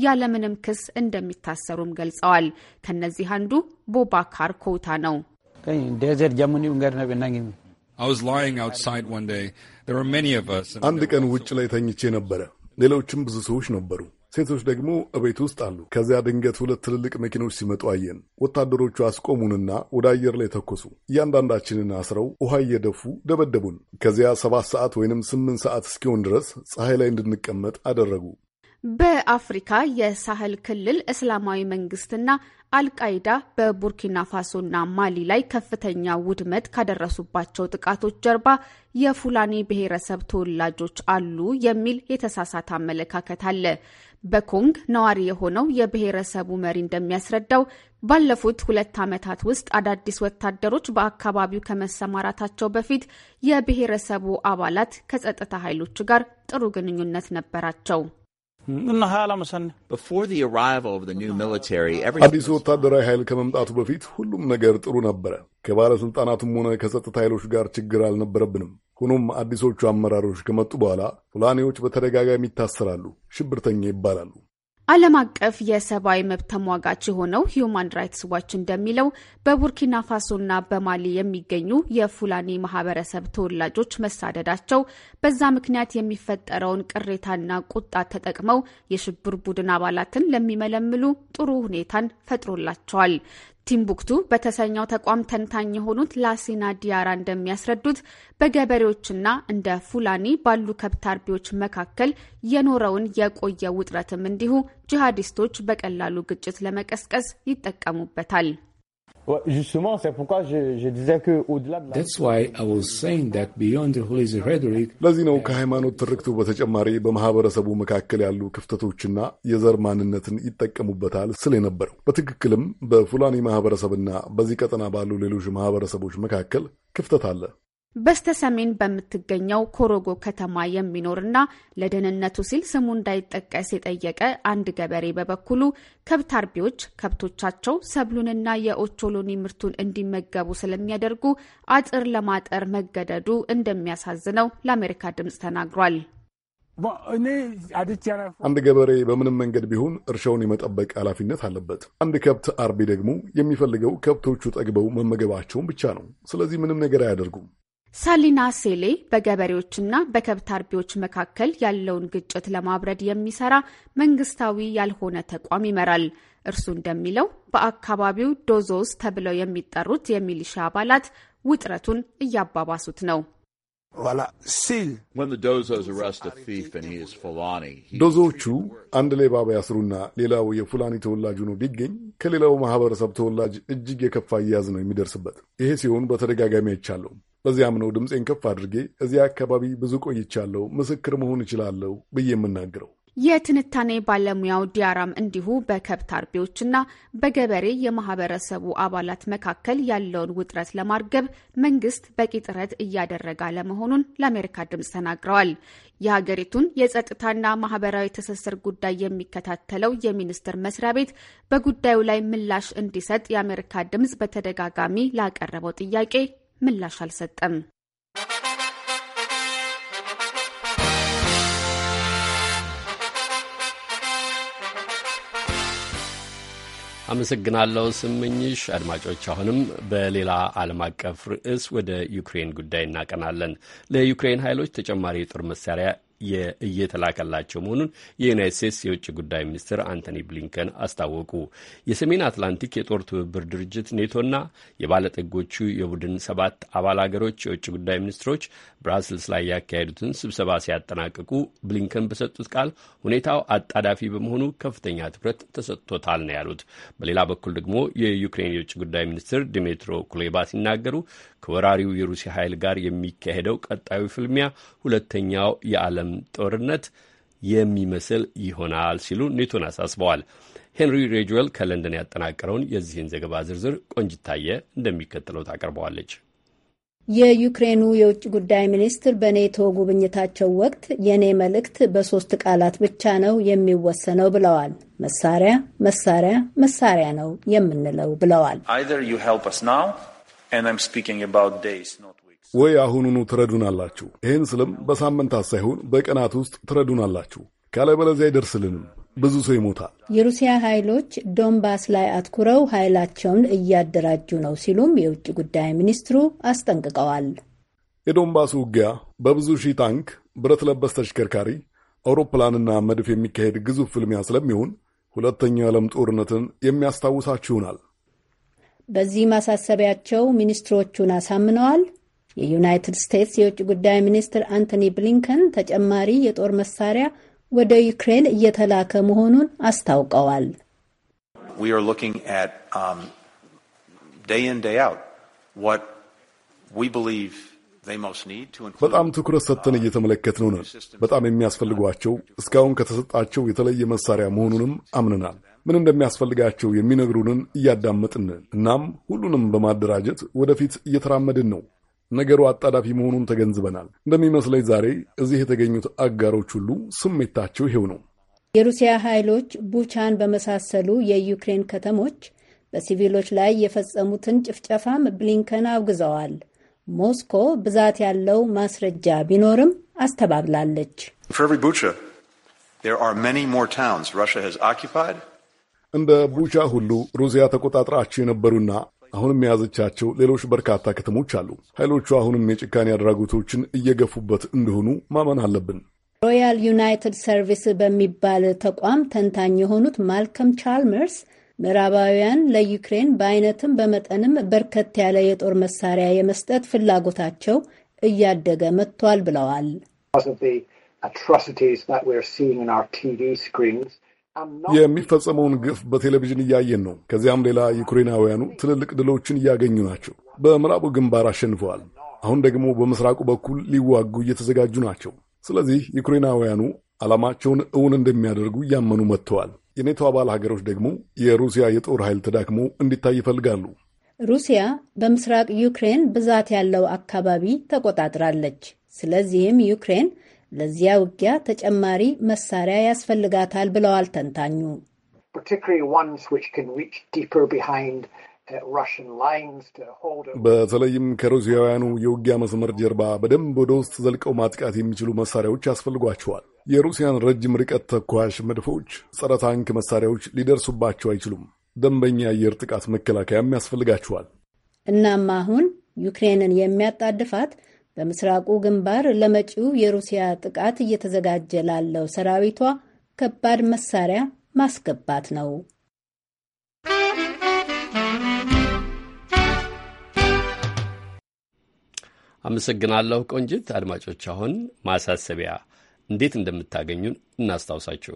ያለምንም ክስ እንደሚታሰሩም ገልጸዋል። ከነዚህ አንዱ ቦባካር ኮውታ ነው። አንድ ቀን ውጭ ላይ ተኝቼ ነበረ። ሌሎችም ብዙ ሰዎች ነበሩ። ሴቶች ደግሞ እቤት ውስጥ አሉ። ከዚያ ድንገት ሁለት ትልልቅ መኪኖች ሲመጡ አየን። ወታደሮቹ አስቆሙንና ወደ አየር ላይ ተኮሱ። እያንዳንዳችንን አስረው ውሃ እየደፉ ደበደቡን። ከዚያ ሰባት ሰዓት ወይንም ስምንት ሰዓት እስኪሆን ድረስ ፀሐይ ላይ እንድንቀመጥ አደረጉ። በአፍሪካ የሳህል ክልል እስላማዊ መንግስትና አልቃይዳ በቡርኪና ፋሶና ማሊ ላይ ከፍተኛ ውድመት ካደረሱባቸው ጥቃቶች ጀርባ የፉላኒ ብሔረሰብ ተወላጆች አሉ የሚል የተሳሳተ አመለካከት አለ። በኮንግ ነዋሪ የሆነው የብሔረሰቡ መሪ እንደሚያስረዳው ባለፉት ሁለት ዓመታት ውስጥ አዳዲስ ወታደሮች በአካባቢው ከመሰማራታቸው በፊት የብሔረሰቡ አባላት ከጸጥታ ኃይሎች ጋር ጥሩ ግንኙነት ነበራቸው። አዲሱ ወታደራዊ ኃይል ከመምጣቱ በፊት ሁሉም ነገር ጥሩ ነበረ። ከባለሥልጣናቱም ሆነ ከጸጥታ ኃይሎች ጋር ችግር አልነበረብንም። ሆኖም አዲሶቹ አመራሮች ከመጡ በኋላ ፉላኔዎች በተደጋጋሚ ይታሰራሉ፣ ሽብርተኛ ይባላሉ። ዓለም አቀፍ የሰብአዊ መብት ተሟጋች የሆነው ሂዩማን ራይትስ ዋች እንደሚለው በቡርኪና ፋሶና በማሊ የሚገኙ የፉላኒ ማህበረሰብ ተወላጆች መሳደዳቸው በዛ ምክንያት የሚፈጠረውን ቅሬታና ቁጣ ተጠቅመው የሽብር ቡድን አባላትን ለሚመለምሉ ጥሩ ሁኔታን ፈጥሮላቸዋል። ቲምቡክቱ በተሰኘው ተቋም ተንታኝ የሆኑት ላሲና ዲያራ እንደሚያስረዱት በገበሬዎችና እንደ ፉላኒ ባሉ ከብት አርቢዎች መካከል የኖረውን የቆየ ውጥረትም እንዲሁ ጂሃዲስቶች በቀላሉ ግጭት ለመቀስቀስ ይጠቀሙበታል። ለዚህ ነው ከሃይማኖት ትርክቱ በተጨማሪ በማህበረሰቡ መካከል ያሉ ክፍተቶችና የዘር ማንነትን ይጠቀሙበታል ስል የነበረው። በትክክልም በፉላኒ ማህበረሰብና በዚህ ቀጠና ባሉ ሌሎች ማህበረሰቦች መካከል ክፍተት አለ። በስተ ሰሜን በምትገኘው ኮሮጎ ከተማ የሚኖርና ለደህንነቱ ሲል ስሙ እንዳይጠቀስ የጠየቀ አንድ ገበሬ በበኩሉ ከብት አርቢዎች ከብቶቻቸው ሰብሉንና የኦቾሎኒ ምርቱን እንዲመገቡ ስለሚያደርጉ አጥር ለማጠር መገደዱ እንደሚያሳዝነው ለአሜሪካ ድምፅ ተናግሯል። አንድ ገበሬ በምንም መንገድ ቢሆን እርሻውን የመጠበቅ ኃላፊነት አለበት። አንድ ከብት አርቢ ደግሞ የሚፈልገው ከብቶቹ ጠግበው መመገባቸውን ብቻ ነው። ስለዚህ ምንም ነገር አያደርጉም። ሳሊና ሴሌ በገበሬዎችና በከብት አርቢዎች መካከል ያለውን ግጭት ለማብረድ የሚሰራ መንግስታዊ ያልሆነ ተቋም ይመራል። እርሱ እንደሚለው በአካባቢው ዶዞስ ተብለው የሚጠሩት የሚሊሻ አባላት ውጥረቱን እያባባሱት ነው። ዶዞዎቹ አንድ ሌባ ቢያስሩና ሌላው የፉላኒ ተወላጅ ሆኖ ቢገኝ ከሌላው ማህበረሰብ ተወላጅ እጅግ የከፋ አያያዝ ነው የሚደርስበት። ይሄ ሲሆን በተደጋጋሚ አይቻለሁ። በዚያም ነው ድምፄን ከፍ አድርጌ እዚያ አካባቢ ብዙ ቆይቻለሁ፣ ምስክር መሆን እችላለሁ ብዬ የምናገረው። የትንታኔ ባለሙያው ዲያራም እንዲሁ በከብት አርቢዎችና በገበሬ የማህበረሰቡ አባላት መካከል ያለውን ውጥረት ለማርገብ መንግስት በቂ ጥረት እያደረገ አለመሆኑን ለአሜሪካ ድምፅ ተናግረዋል። የሀገሪቱን የጸጥታና ማህበራዊ ትስስር ጉዳይ የሚከታተለው የሚኒስቴር መስሪያ ቤት በጉዳዩ ላይ ምላሽ እንዲሰጥ የአሜሪካ ድምፅ በተደጋጋሚ ላቀረበው ጥያቄ ምላሽ አልሰጠም። አመሰግናለሁ ስምኝሽ። አድማጮች አሁንም በሌላ ዓለም አቀፍ ርዕስ ወደ ዩክሬን ጉዳይ እናቀናለን። ለዩክሬን ኃይሎች ተጨማሪ የጦር መሳሪያ እየተላከላቸው መሆኑን የዩናይት ስቴትስ የውጭ ጉዳይ ሚኒስትር አንቶኒ ብሊንከን አስታወቁ። የሰሜን አትላንቲክ የጦር ትብብር ድርጅት ኔቶና የባለጠጎቹ የቡድን ሰባት አባል አገሮች የውጭ ጉዳይ ሚኒስትሮች ብራስልስ ላይ ያካሄዱትን ስብሰባ ሲያጠናቅቁ ብሊንከን በሰጡት ቃል ሁኔታው አጣዳፊ በመሆኑ ከፍተኛ ትኩረት ተሰጥቶታል ነው ያሉት። በሌላ በኩል ደግሞ የዩክሬን የውጭ ጉዳይ ሚኒስትር ዲሜትሮ ኩሌባ ሲናገሩ ከወራሪው የሩሲያ ኃይል ጋር የሚካሄደው ቀጣዩ ፍልሚያ ሁለተኛው የዓለም ጦርነት የሚመስል ይሆናል ሲሉ ኔቶን አሳስበዋል። ሄንሪ ሬጅዌል ከለንደን ያጠናቀረውን የዚህን ዘገባ ዝርዝር ቆንጅታየ እንደሚከተለው ታቀርበዋለች። የዩክሬኑ የውጭ ጉዳይ ሚኒስትር በኔቶ ጉብኝታቸው ወቅት የእኔ መልእክት በሶስት ቃላት ብቻ ነው የሚወሰነው ብለዋል። መሳሪያ፣ መሳሪያ፣ መሳሪያ ነው የምንለው ብለዋል። ወይ አሁኑኑ ትረዱናላችሁ። ይህን ስልም በሳምንታት ሳይሆን በቀናት ውስጥ ትረዱናላችሁ፣ ካለበለዚያ አይደርስልንም። ብዙ ሰው ይሞታል። የሩሲያ ኃይሎች ዶንባስ ላይ አትኩረው ኃይላቸውን እያደራጁ ነው ሲሉም የውጭ ጉዳይ ሚኒስትሩ አስጠንቅቀዋል። የዶንባስ ውጊያ በብዙ ሺህ ታንክ፣ ብረት ለበስ ተሽከርካሪ፣ አውሮፕላንና መድፍ የሚካሄድ ግዙፍ ፍልሚያ ስለሚሆን ሁለተኛው የዓለም ጦርነትን የሚያስታውሳችሁናል። በዚህ ማሳሰቢያቸው ሚኒስትሮቹን አሳምነዋል። የዩናይትድ ስቴትስ የውጭ ጉዳይ ሚኒስትር አንቶኒ ብሊንከን ተጨማሪ የጦር መሳሪያ ወደ ዩክሬን እየተላከ መሆኑን አስታውቀዋል። um, በጣም ትኩረት ሰጥተን uh, እየተመለከትነው ነን። በጣም የሚያስፈልጓቸው እስካሁን ከተሰጣቸው የተለየ መሳሪያ መሆኑንም አምንናል። ምን እንደሚያስፈልጋቸው የሚነግሩንን እያዳመጥን እናም ሁሉንም በማደራጀት ወደፊት እየተራመድን ነው። ነገሩ አጣዳፊ መሆኑን ተገንዝበናል። እንደሚመስለኝ ዛሬ እዚህ የተገኙት አጋሮች ሁሉ ስሜታቸው ይሄው ነው። የሩሲያ ኃይሎች ቡቻን በመሳሰሉ የዩክሬን ከተሞች በሲቪሎች ላይ የፈጸሙትን ጭፍጨፋም ብሊንከን አውግዘዋል። ሞስኮ ብዛት ያለው ማስረጃ ቢኖርም አስተባብላለች። እንደ ቡቻ ሁሉ ሩሲያ ተቆጣጥራቸው የነበሩና አሁንም የያዘቻቸው ሌሎች በርካታ ከተሞች አሉ። ኃይሎቹ አሁንም የጭካኔ አድራጎቶችን እየገፉበት እንደሆኑ ማመን አለብን። ሮያል ዩናይትድ ሰርቪስ በሚባል ተቋም ተንታኝ የሆኑት ማልከም ቻልመርስ ምዕራባውያን ለዩክሬን በአይነትም በመጠንም በርከት ያለ የጦር መሳሪያ የመስጠት ፍላጎታቸው እያደገ መጥቷል ብለዋል። የሚፈጸመውን ግፍ በቴሌቪዥን እያየን ነው። ከዚያም ሌላ ዩክሬናውያኑ ትልልቅ ድሎችን እያገኙ ናቸው። በምዕራቡ ግንባር አሸንፈዋል። አሁን ደግሞ በምስራቁ በኩል ሊዋጉ እየተዘጋጁ ናቸው። ስለዚህ ዩክሬናውያኑ ዓላማቸውን እውን እንደሚያደርጉ እያመኑ መጥተዋል። የኔቶ አባል ሀገሮች ደግሞ የሩሲያ የጦር ኃይል ተዳክሞ እንዲታይ ይፈልጋሉ። ሩሲያ በምስራቅ ዩክሬን ብዛት ያለው አካባቢ ተቆጣጥራለች። ስለዚህም ዩክሬን ለዚያ ውጊያ ተጨማሪ መሳሪያ ያስፈልጋታል ብለዋል ተንታኙ። uh, በተለይም ከሩሲያውያኑ የውጊያ መስመር ጀርባ በደንብ ወደ ውስጥ ዘልቀው ማጥቃት የሚችሉ መሳሪያዎች ያስፈልጓቸዋል። የሩሲያን ረጅም ርቀት ተኳሽ መድፎች፣ ጸረ ታንክ መሳሪያዎች ሊደርሱባቸው አይችሉም። ደንበኛ የአየር ጥቃት መከላከያም ያስፈልጋቸዋል። እናም አሁን ዩክሬንን የሚያጣድፋት በምስራቁ ግንባር ለመጪው የሩሲያ ጥቃት እየተዘጋጀ ላለው ሰራዊቷ ከባድ መሳሪያ ማስገባት ነው። አመሰግናለሁ ቆንጅት። አድማጮች አሁን ማሳሰቢያ እንዴት እንደምታገኙን እናስታውሳችሁ።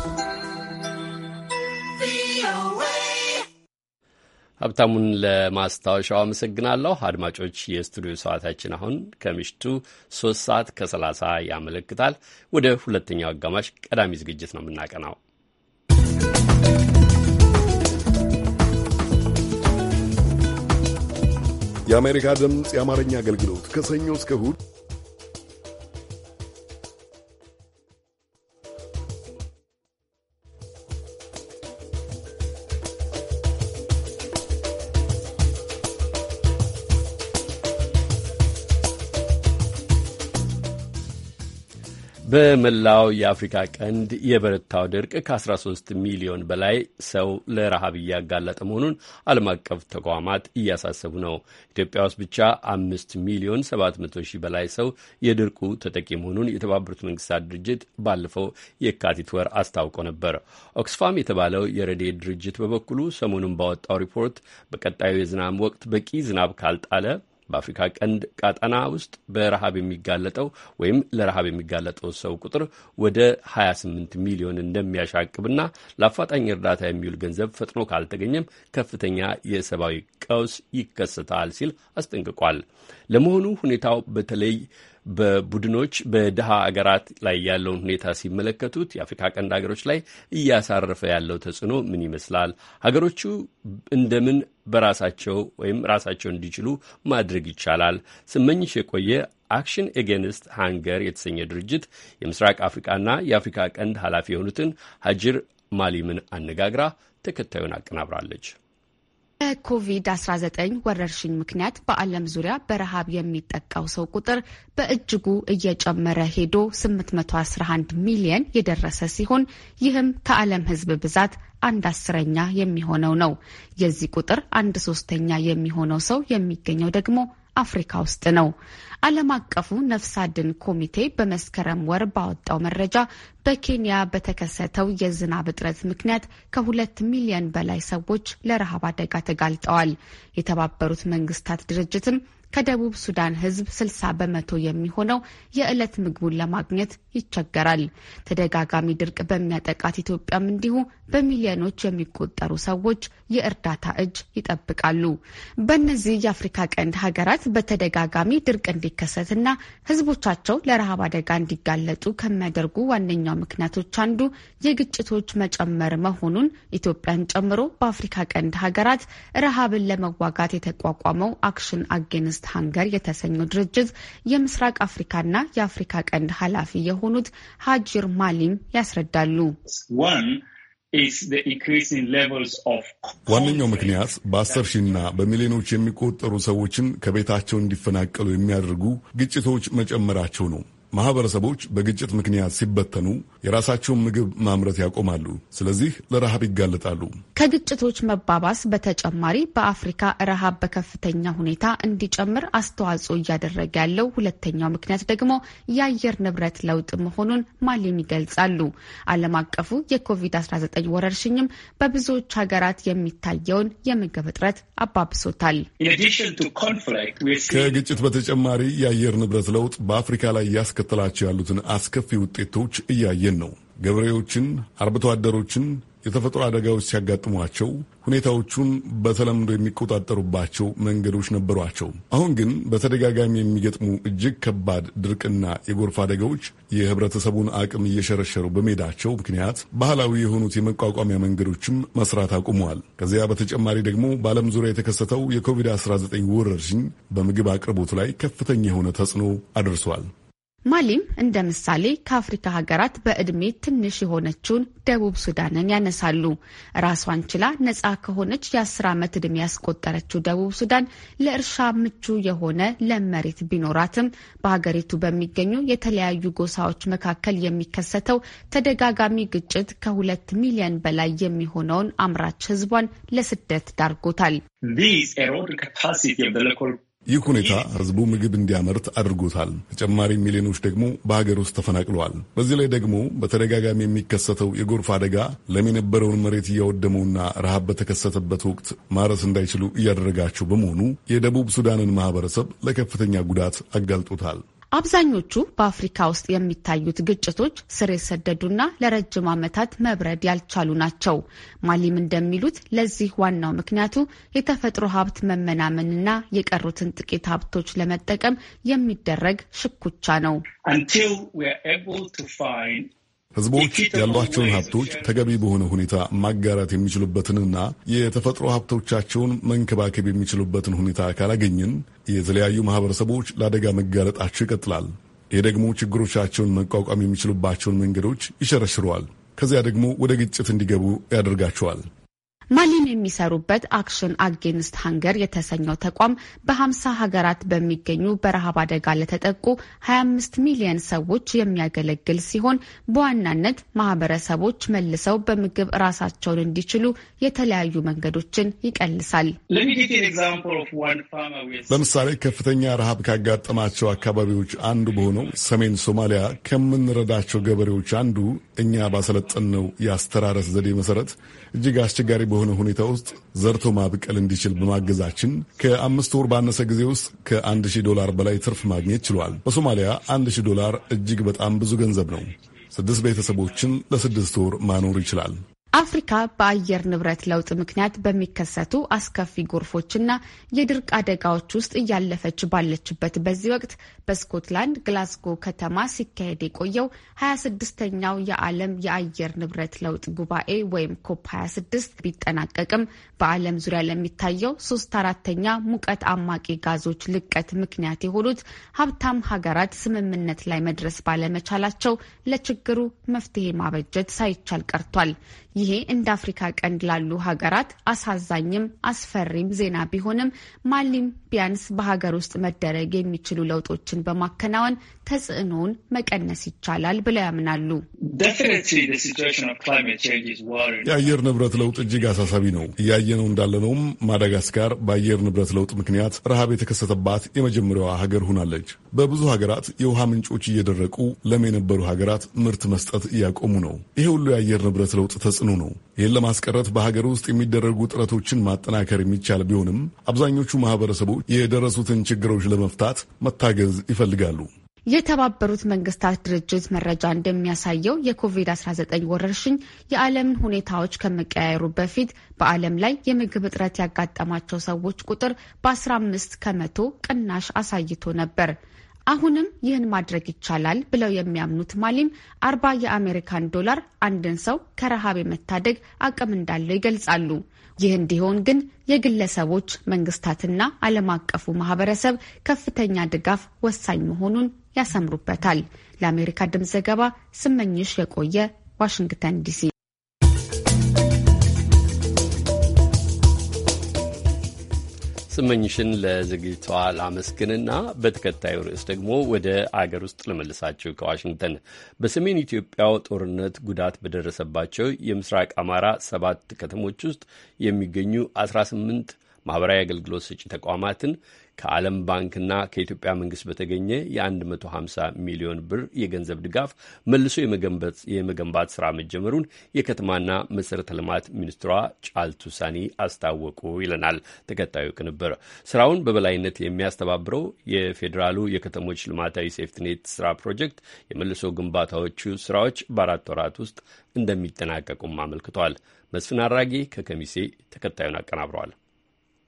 ሀብታሙን ለማስታወሻው አመሰግናለሁ። አድማጮች የስቱዲዮ ሰዓታችን አሁን ከምሽቱ ሶስት ሰዓት ከሰላሳ ያመለክታል። ወደ ሁለተኛው አጋማሽ ቀዳሚ ዝግጅት ነው የምናቀናው። የአሜሪካ ድምፅ የአማርኛ አገልግሎት ከሰኞ እስከ እሁድ በመላው የአፍሪካ ቀንድ የበረታው ድርቅ ከ13 ሚሊዮን በላይ ሰው ለረሃብ እያጋለጠ መሆኑን ዓለም አቀፍ ተቋማት እያሳሰቡ ነው። ኢትዮጵያ ውስጥ ብቻ 5 ሚሊዮን 700 ሺህ በላይ ሰው የድርቁ ተጠቂ መሆኑን የተባበሩት መንግስታት ድርጅት ባለፈው የካቲት ወር አስታውቆ ነበር። ኦክስፋም የተባለው የረድኤት ድርጅት በበኩሉ ሰሞኑን ባወጣው ሪፖርት በቀጣዩ የዝናብ ወቅት በቂ ዝናብ ካልጣለ በአፍሪካ ቀንድ ቃጠና ውስጥ በረሃብ የሚጋለጠው ወይም ለረሃብ የሚጋለጠው ሰው ቁጥር ወደ 28 ሚሊዮን እንደሚያሻቅብና ለአፋጣኝ እርዳታ የሚውል ገንዘብ ፈጥኖ ካልተገኘም ከፍተኛ የሰብአዊ ቀውስ ይከሰታል ሲል አስጠንቅቋል። ለመሆኑ ሁኔታው በተለይ በቡድኖች በድሃ አገራት ላይ ያለውን ሁኔታ ሲመለከቱት የአፍሪካ ቀንድ ሀገሮች ላይ እያሳረፈ ያለው ተጽዕኖ ምን ይመስላል? ሀገሮቹ እንደምን በራሳቸው ወይም ራሳቸው እንዲችሉ ማድረግ ይቻላል? ስመኝሽ የቆየ አክሽን ኤጌንስት ሃንገር የተሰኘ ድርጅት የምስራቅ አፍሪቃና የአፍሪካ ቀንድ ኃላፊ የሆኑትን ሀጅር ማሊምን አነጋግራ ተከታዩን አቀናብራለች። በኮቪድ-19 ወረርሽኝ ምክንያት በዓለም ዙሪያ በረሃብ የሚጠቃው ሰው ቁጥር በእጅጉ እየጨመረ ሄዶ 811 ሚሊየን የደረሰ ሲሆን ይህም ከዓለም ሕዝብ ብዛት አንድ አስረኛ የሚሆነው ነው። የዚህ ቁጥር አንድ ሶስተኛ የሚሆነው ሰው የሚገኘው ደግሞ አፍሪካ ውስጥ ነው። ዓለም አቀፉ ነፍስ አድን ኮሚቴ በመስከረም ወር ባወጣው መረጃ በኬንያ በተከሰተው የዝናብ እጥረት ምክንያት ከሁለት ሚሊዮን በላይ ሰዎች ለረሃብ አደጋ ተጋልጠዋል። የተባበሩት መንግስታት ድርጅትም ከደቡብ ሱዳን ሕዝብ 60 በመቶ የሚሆነው የዕለት ምግቡን ለማግኘት ይቸገራል። ተደጋጋሚ ድርቅ በሚያጠቃት ኢትዮጵያም እንዲሁ በሚሊዮኖች የሚቆጠሩ ሰዎች የእርዳታ እጅ ይጠብቃሉ። በእነዚህ የአፍሪካ ቀንድ ሀገራት በተደጋጋሚ ድርቅ እንዲከሰትና ሕዝቦቻቸው ለረሃብ አደጋ እንዲጋለጡ ከሚያደርጉ ዋነኛው ምክንያቶች አንዱ የግጭቶች መጨመር መሆኑን ኢትዮጵያን ጨምሮ በአፍሪካ ቀንድ ሀገራት ረሃብን ለመዋጋት የተቋቋመው አክሽን አጌንስ መንግስት ሃንገር የተሰኘው ድርጅት የምስራቅ አፍሪካና የአፍሪካ ቀንድ ኃላፊ የሆኑት ሀጂር ማሊም ያስረዳሉ። ዋነኛው ምክንያት በአስር ሺህና በሚሊዮኖች የሚቆጠሩ ሰዎችን ከቤታቸው እንዲፈናቀሉ የሚያደርጉ ግጭቶች መጨመራቸው ነው። ማህበረሰቦች በግጭት ምክንያት ሲበተኑ የራሳቸውን ምግብ ማምረት ያቆማሉ። ስለዚህ ለረሃብ ይጋለጣሉ። ከግጭቶች መባባስ በተጨማሪ በአፍሪካ ረሃብ በከፍተኛ ሁኔታ እንዲጨምር አስተዋጽኦ እያደረገ ያለው ሁለተኛው ምክንያት ደግሞ የአየር ንብረት ለውጥ መሆኑን ማሊም ይገልጻሉ። ዓለም አቀፉ የኮቪድ-19 ወረርሽኝም በብዙዎች ሀገራት የሚታየውን የምግብ እጥረት አባብሶታል። ከግጭት በተጨማሪ የአየር ንብረት ለውጥ በአፍሪካ ላይ ያስከ እያስከተላቸው ያሉትን አስከፊ ውጤቶች እያየን ነው። ገበሬዎችን፣ አርብቶ አደሮችን የተፈጥሮ አደጋዎች ሲያጋጥሟቸው ሁኔታዎቹን በተለምዶ የሚቆጣጠሩባቸው መንገዶች ነበሯቸው። አሁን ግን በተደጋጋሚ የሚገጥሙ እጅግ ከባድ ድርቅና የጎርፍ አደጋዎች የህብረተሰቡን አቅም እየሸረሸሩ በመሄዳቸው ምክንያት ባህላዊ የሆኑት የመቋቋሚያ መንገዶችም መስራት አቁመዋል። ከዚያ በተጨማሪ ደግሞ በዓለም ዙሪያ የተከሰተው የኮቪድ-19 ወረርሽኝ በምግብ አቅርቦት ላይ ከፍተኛ የሆነ ተጽዕኖ አድርሷል። ማሊም እንደ ምሳሌ ከአፍሪካ ሀገራት በዕድሜ ትንሽ የሆነችውን ደቡብ ሱዳንን ያነሳሉ። ራሷን ችላ ነጻ ከሆነች የአስር ዓመት ዕድሜ ያስቆጠረችው ደቡብ ሱዳን ለእርሻ ምቹ የሆነ ለም መሬት ቢኖራትም በሀገሪቱ በሚገኙ የተለያዩ ጎሳዎች መካከል የሚከሰተው ተደጋጋሚ ግጭት ከሁለት ሚሊዮን በላይ የሚሆነውን አምራች ሕዝቧን ለስደት ዳርጎታል። ይህ ሁኔታ ህዝቡ ምግብ እንዲያመርት አድርጎታል። ተጨማሪ ሚሊዮኖች ደግሞ በሀገር ውስጥ ተፈናቅለዋል። በዚህ ላይ ደግሞ በተደጋጋሚ የሚከሰተው የጎርፍ አደጋ ለም የነበረውን መሬት እያወደመውና ረሃብ በተከሰተበት ወቅት ማረስ እንዳይችሉ እያደረጋቸው በመሆኑ የደቡብ ሱዳንን ማህበረሰብ ለከፍተኛ ጉዳት አጋልጦታል። አብዛኞቹ በአፍሪካ ውስጥ የሚታዩት ግጭቶች ስር የሰደዱና ለረጅም ዓመታት መብረድ ያልቻሉ ናቸው። ማሊም እንደሚሉት ለዚህ ዋናው ምክንያቱ የተፈጥሮ ሀብት መመናመንና የቀሩትን ጥቂት ሀብቶች ለመጠቀም የሚደረግ ሽኩቻ ነው። ህዝቦች ያሏቸውን ሀብቶች ተገቢ በሆነ ሁኔታ ማጋራት የሚችሉበትንና የተፈጥሮ ሀብቶቻቸውን መንከባከብ የሚችሉበትን ሁኔታ ካላገኘን የተለያዩ ማህበረሰቦች ለአደጋ መጋለጣቸው ይቀጥላል። ይህ ደግሞ ችግሮቻቸውን መቋቋም የሚችሉባቸውን መንገዶች ይሸረሽረዋል። ከዚያ ደግሞ ወደ ግጭት እንዲገቡ ያደርጋቸዋል። ማሊም የሚሰሩበት አክሽን አጌንስት ሀንገር የተሰኘው ተቋም በ50 ሀገራት በሚገኙ በረሃብ አደጋ ለተጠቁ 25 ሚሊየን ሰዎች የሚያገለግል ሲሆን በዋናነት ማህበረሰቦች መልሰው በምግብ ራሳቸውን እንዲችሉ የተለያዩ መንገዶችን ይቀልሳል። ለምሳሌ ከፍተኛ ረሃብ ካጋጠማቸው አካባቢዎች አንዱ በሆነው ሰሜን ሶማሊያ ከምንረዳቸው ገበሬዎች አንዱ እኛ ባሰለጠን ነው የአስተራረስ ዘዴ መሰረት እጅግ አስቸጋሪ በሆነ በሆነ ሁኔታ ውስጥ ዘርቶ ማብቀል እንዲችል በማገዛችን ከአምስት ወር ባነሰ ጊዜ ውስጥ ከአንድ ሺህ ዶላር በላይ ትርፍ ማግኘት ችሏል። በሶማሊያ አንድ ሺህ ዶላር እጅግ በጣም ብዙ ገንዘብ ነው። ስድስት ቤተሰቦችን ለስድስት ወር ማኖር ይችላል። አፍሪካ በአየር ንብረት ለውጥ ምክንያት በሚከሰቱ አስከፊ ጎርፎችና የድርቅ አደጋዎች ውስጥ እያለፈች ባለችበት በዚህ ወቅት በስኮትላንድ ግላስጎ ከተማ ሲካሄድ የቆየው 26ኛው የዓለም የአየር ንብረት ለውጥ ጉባኤ ወይም ኮፕ 26 ቢጠናቀቅም በዓለም ዙሪያ ለሚታየው ሶስት አራተኛ ሙቀት አማቂ ጋዞች ልቀት ምክንያት የሆኑት ሀብታም ሀገራት ስምምነት ላይ መድረስ ባለመቻላቸው ለችግሩ መፍትሄ ማበጀት ሳይቻል ቀርቷል። ይሄ እንደ አፍሪካ ቀንድ ላሉ ሀገራት አሳዛኝም አስፈሪም ዜና ቢሆንም ማሊም ቢያንስ በሀገር ውስጥ መደረግ የሚችሉ ለውጦችን በማከናወን ተጽዕኖውን መቀነስ ይቻላል ብለው ያምናሉ። የአየር ንብረት ለውጥ እጅግ አሳሳቢ ነው። እያየነው እንዳለነውም ማዳጋስካር በአየር ንብረት ለውጥ ምክንያት ረሃብ የተከሰተባት የመጀመሪያዋ ሀገር ሆናለች። በብዙ ሀገራት የውሃ ምንጮች እየደረቁ ለም የነበሩ ሀገራት ምርት መስጠት እያቆሙ ነው። ይሄ ሁሉ የአየር ንብረት ለውጥ ጽኑ ነው። ይህን ለማስቀረት በሀገር ውስጥ የሚደረጉ ጥረቶችን ማጠናከር የሚቻል ቢሆንም አብዛኞቹ ማህበረሰቦች የደረሱትን ችግሮች ለመፍታት መታገዝ ይፈልጋሉ። የተባበሩት መንግስታት ድርጅት መረጃ እንደሚያሳየው የኮቪድ-19 ወረርሽኝ የዓለምን ሁኔታዎች ከመቀያየሩ በፊት በዓለም ላይ የምግብ እጥረት ያጋጠማቸው ሰዎች ቁጥር በ15 ከመቶ ቅናሽ አሳይቶ ነበር። አሁንም ይህን ማድረግ ይቻላል ብለው የሚያምኑት ማሊም አርባ የአሜሪካን ዶላር አንድን ሰው ከረሃብ የመታደግ አቅም እንዳለው ይገልጻሉ። ይህ እንዲሆን ግን የግለሰቦች መንግስታትና ዓለም አቀፉ ማህበረሰብ ከፍተኛ ድጋፍ ወሳኝ መሆኑን ያሰምሩበታል። ለአሜሪካ ድምፅ ዘገባ ስመኝሽ የቆየ ዋሽንግተን ዲሲ። ስመኝሽን ለዝግጅቷ ላመስግንና በተከታዩ ርዕስ ደግሞ ወደ አገር ውስጥ ልመልሳችሁ። ከዋሽንግተን በሰሜን ኢትዮጵያው ጦርነት ጉዳት በደረሰባቸው የምስራቅ አማራ ሰባት ከተሞች ውስጥ የሚገኙ 18 ማኅበራዊ አገልግሎት ሰጪ ተቋማትን ከዓለም ባንክና ከኢትዮጵያ መንግስት በተገኘ የ150 ሚሊዮን ብር የገንዘብ ድጋፍ መልሶ የመገንባት ስራ መጀመሩን የከተማና መሠረተ ልማት ሚኒስትሯ ጫልቱ ሳኒ አስታወቁ ይለናል ተከታዩ ቅንብር። ስራውን በበላይነት የሚያስተባብረው የፌዴራሉ የከተሞች ልማታዊ ሴፍትኔት ስራ ፕሮጀክት የመልሶ ግንባታዎቹ ስራዎች በአራት ወራት ውስጥ እንደሚጠናቀቁም አመልክቷል። መስፍን አራጌ ከከሚሴ ተከታዩን አቀናብረዋል።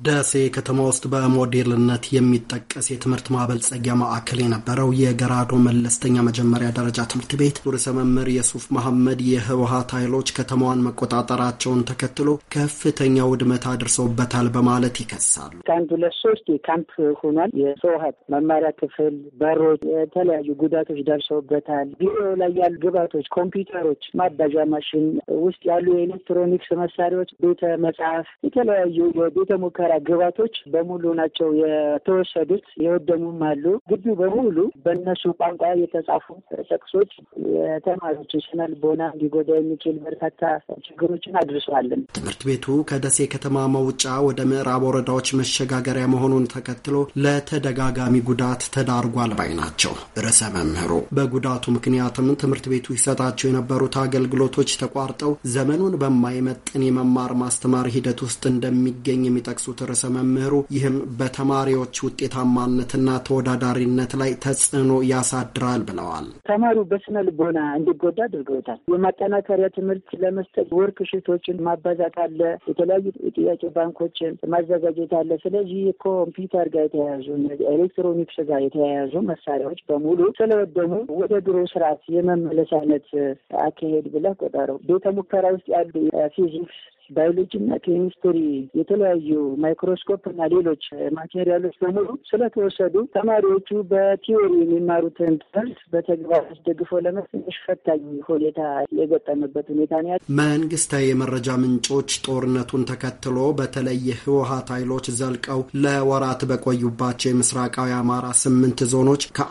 ደሴ ከተማ ውስጥ በሞዴልነት የሚጠቀስ የትምህርት ማበልጸጊያ ማዕከል የነበረው የገራዶ መለስተኛ መጀመሪያ ደረጃ ትምህርት ቤት ርዕሰ መምህር የሱፍ መሐመድ የህወሀት ኃይሎች ከተማዋን መቆጣጠራቸውን ተከትሎ ከፍተኛ ውድመት አድርሰውበታል በማለት ይከሳሉ። ከአንድ ሁለት ሶስት ካምፕ ሆኗል። የህወሀት መማሪያ ክፍል በሮች፣ የተለያዩ ጉዳቶች ደርሰውበታል። ቢሮ ላይ ያሉ ግባቶች፣ ኮምፒውተሮች፣ ማባዣ ማሽን ውስጥ ያሉ የኤሌክትሮኒክስ መሳሪያዎች፣ ቤተ መጽሐፍ፣ የተለያዩ የቤተ ሙከራ ግባቶች በሙሉ ናቸው የተወሰዱት። የወደሙም አሉ። ግቢው በሙሉ በእነሱ ቋንቋ የተጻፉ ጥቅሶች የተማሪዎች ስነ ልቦና እንዲጎዳ የሚችል በርካታ ችግሮችን አድርሷልን። ትምህርት ቤቱ ከደሴ ከተማ መውጫ ወደ ምዕራብ ወረዳዎች መሸጋገሪያ መሆኑን ተከትሎ ለተደጋጋሚ ጉዳት ተዳርጓል ባይ ናቸው ርዕሰ መምህሩ። በጉዳቱ ምክንያትም ትምህርት ቤቱ ይሰጣቸው የነበሩት አገልግሎቶች ተቋርጠው ዘመኑን በማይመጥን የመማር ማስተማር ሂደት ውስጥ እንደሚገኝ የሚጠቅሱ የጠቀሱት ርዕሰ መምህሩ ይህም በተማሪዎች ውጤታማነትና ተወዳዳሪነት ላይ ተጽዕኖ ያሳድራል ብለዋል። ተማሪው በስነ ልቦና እንዲጎዳ አድርገውታል። የማጠናከሪያ ትምህርት ለመስጠት ወርክ ሽቶችን ማባዛት አለ፣ የተለያዩ ጥያቄ ባንኮችን ማዘጋጀት አለ። ስለዚህ ኮምፒውተር ጋር የተያያዙ ኤሌክትሮኒክስ ጋር የተያያዙ መሳሪያዎች በሙሉ ስለወደሙ ወደ ድሮ ስርዓት የመመለስ አይነት አካሄድ ብለህ ቆጠረው። ቤተ ሙከራ ውስጥ ያሉ ፊዚክስ ባዮሎጂ እና ኬሚስትሪ የተለያዩ ማይክሮስኮፕ እና ሌሎች ማቴሪያሎች በሙሉ ስለተወሰዱ ተማሪዎቹ በቲዮሪ የሚማሩትን ትምህርት በተግባር አስደግፎ ለመትንሽ ፈታኝ ሁኔታ የገጠመበት ሁኔታ ነው። መንግስታዊ የመረጃ ምንጮች ጦርነቱን ተከትሎ በተለይ ህወሀት ኃይሎች ዘልቀው ለወራት በቆዩባቸው የምስራቃዊ አማራ ስምንት ዞኖች ከ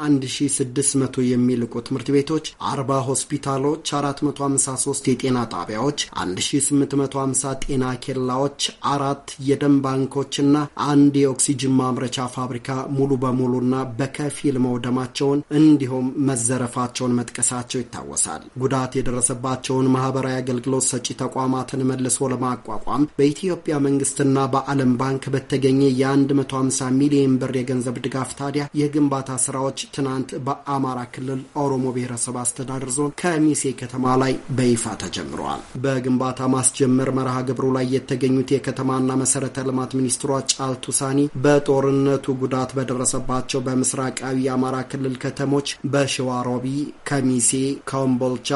መቶ የሚልቁ ትምህርት ቤቶች፣ አርባ ሆስፒታሎች፣ 453 የጤና ጣቢያዎች፣ 1850 50 ጤና ኬላዎች፣ አራት የደም ባንኮችና አንድ የኦክሲጅን ማምረቻ ፋብሪካ ሙሉ በሙሉና በከፊል መውደማቸውን እንዲሁም መዘረፋቸውን መጥቀሳቸው ይታወሳል። ጉዳት የደረሰባቸውን ማህበራዊ አገልግሎት ሰጪ ተቋማትን መልሶ ለማቋቋም በኢትዮጵያ መንግስትና በዓለም ባንክ በተገኘ የ150 ሚሊዮን ብር የገንዘብ ድጋፍ ታዲያ የግንባታ ስራዎች ትናንት በአማራ ክልል ኦሮሞ ብሔረሰብ አስተዳደር ዞን ከሚሴ ከተማ ላይ በይፋ ተጀምረዋል። በግንባታ ማስጀመር መራ በመርሃ ግብሩ ላይ የተገኙት የከተማና መሰረተ ልማት ሚኒስትሯ ጫልቱ ሳኒ በጦርነቱ ጉዳት በደረሰባቸው በምስራቃዊ የአማራ ክልል ከተሞች በሸዋሮቢ፣ ከሚሴ፣ ከምቦልቻ፣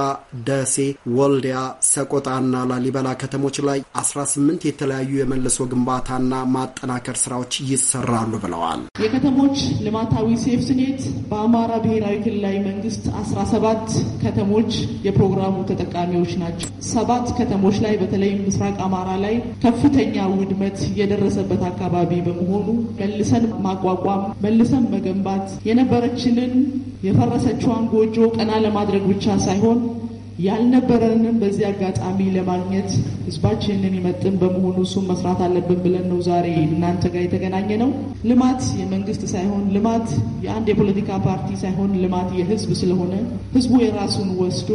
ደሴ፣ ወልዲያ፣ ሰቆጣና ላሊበላ ከተሞች ላይ 18 የተለያዩ የመልሶ ግንባታና ማጠናከር ስራዎች ይሰራሉ ብለዋል። የከተሞች ልማታዊ ሴፍትኔት በአማራ ብሔራዊ ክልላዊ መንግስት 17 ከተሞች የፕሮግራሙ ተጠቃሚዎች ናቸው። ሰባት ከተሞች ላይ በተለይም ምስራቅ አማራ ላይ ከፍተኛ ውድመት የደረሰበት አካባቢ በመሆኑ መልሰን ማቋቋም መልሰን መገንባት የነበረችንን የፈረሰችዋን ጎጆ ቀና ለማድረግ ብቻ ሳይሆን ያልነበረንም በዚህ አጋጣሚ ለማግኘት ህዝባችንን ይመጥን በመሆኑ እሱም መስራት አለብን ብለን ነው ዛሬ እናንተ ጋር የተገናኘ ነው። ልማት የመንግስት ሳይሆን ልማት የአንድ የፖለቲካ ፓርቲ ሳይሆን ልማት የህዝብ ስለሆነ ህዝቡ የራሱን ወስዶ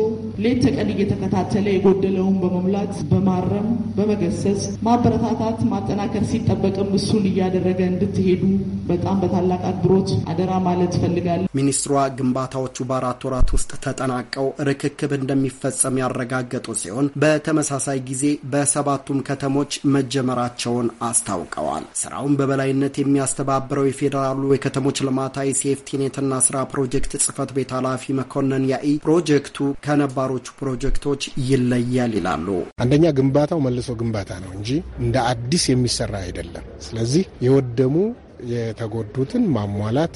ሌት ተቀን እየተከታተለ የጎደለውን በመሙላት በማረም በመገሰጽ ማበረታታት ማጠናከር ሲጠበቅም እሱን እያደረገ እንድትሄዱ በጣም በታላቅ አክብሮት አደራ ማለት ፈልጋለ ሚኒስትሯ ግንባታዎቹ በአራት ወራት ውስጥ ተጠናቀው ርክክብ እንደሚ እንደሚፈጸም ያረጋገጡ ሲሆን በተመሳሳይ ጊዜ በሰባቱም ከተሞች መጀመራቸውን አስታውቀዋል። ስራውን በበላይነት የሚያስተባብረው የፌዴራሉ የከተሞች ልማታዊ ሴፍቲኔትና ስራ ፕሮጀክት ጽህፈት ቤት ኃላፊ መኮንን ያኢ ፕሮጀክቱ ከነባሮቹ ፕሮጀክቶች ይለያል ይላሉ። አንደኛ ግንባታው መልሶ ግንባታ ነው እንጂ እንደ አዲስ የሚሰራ አይደለም። ስለዚህ የወደሙ የተጎዱትን ማሟላት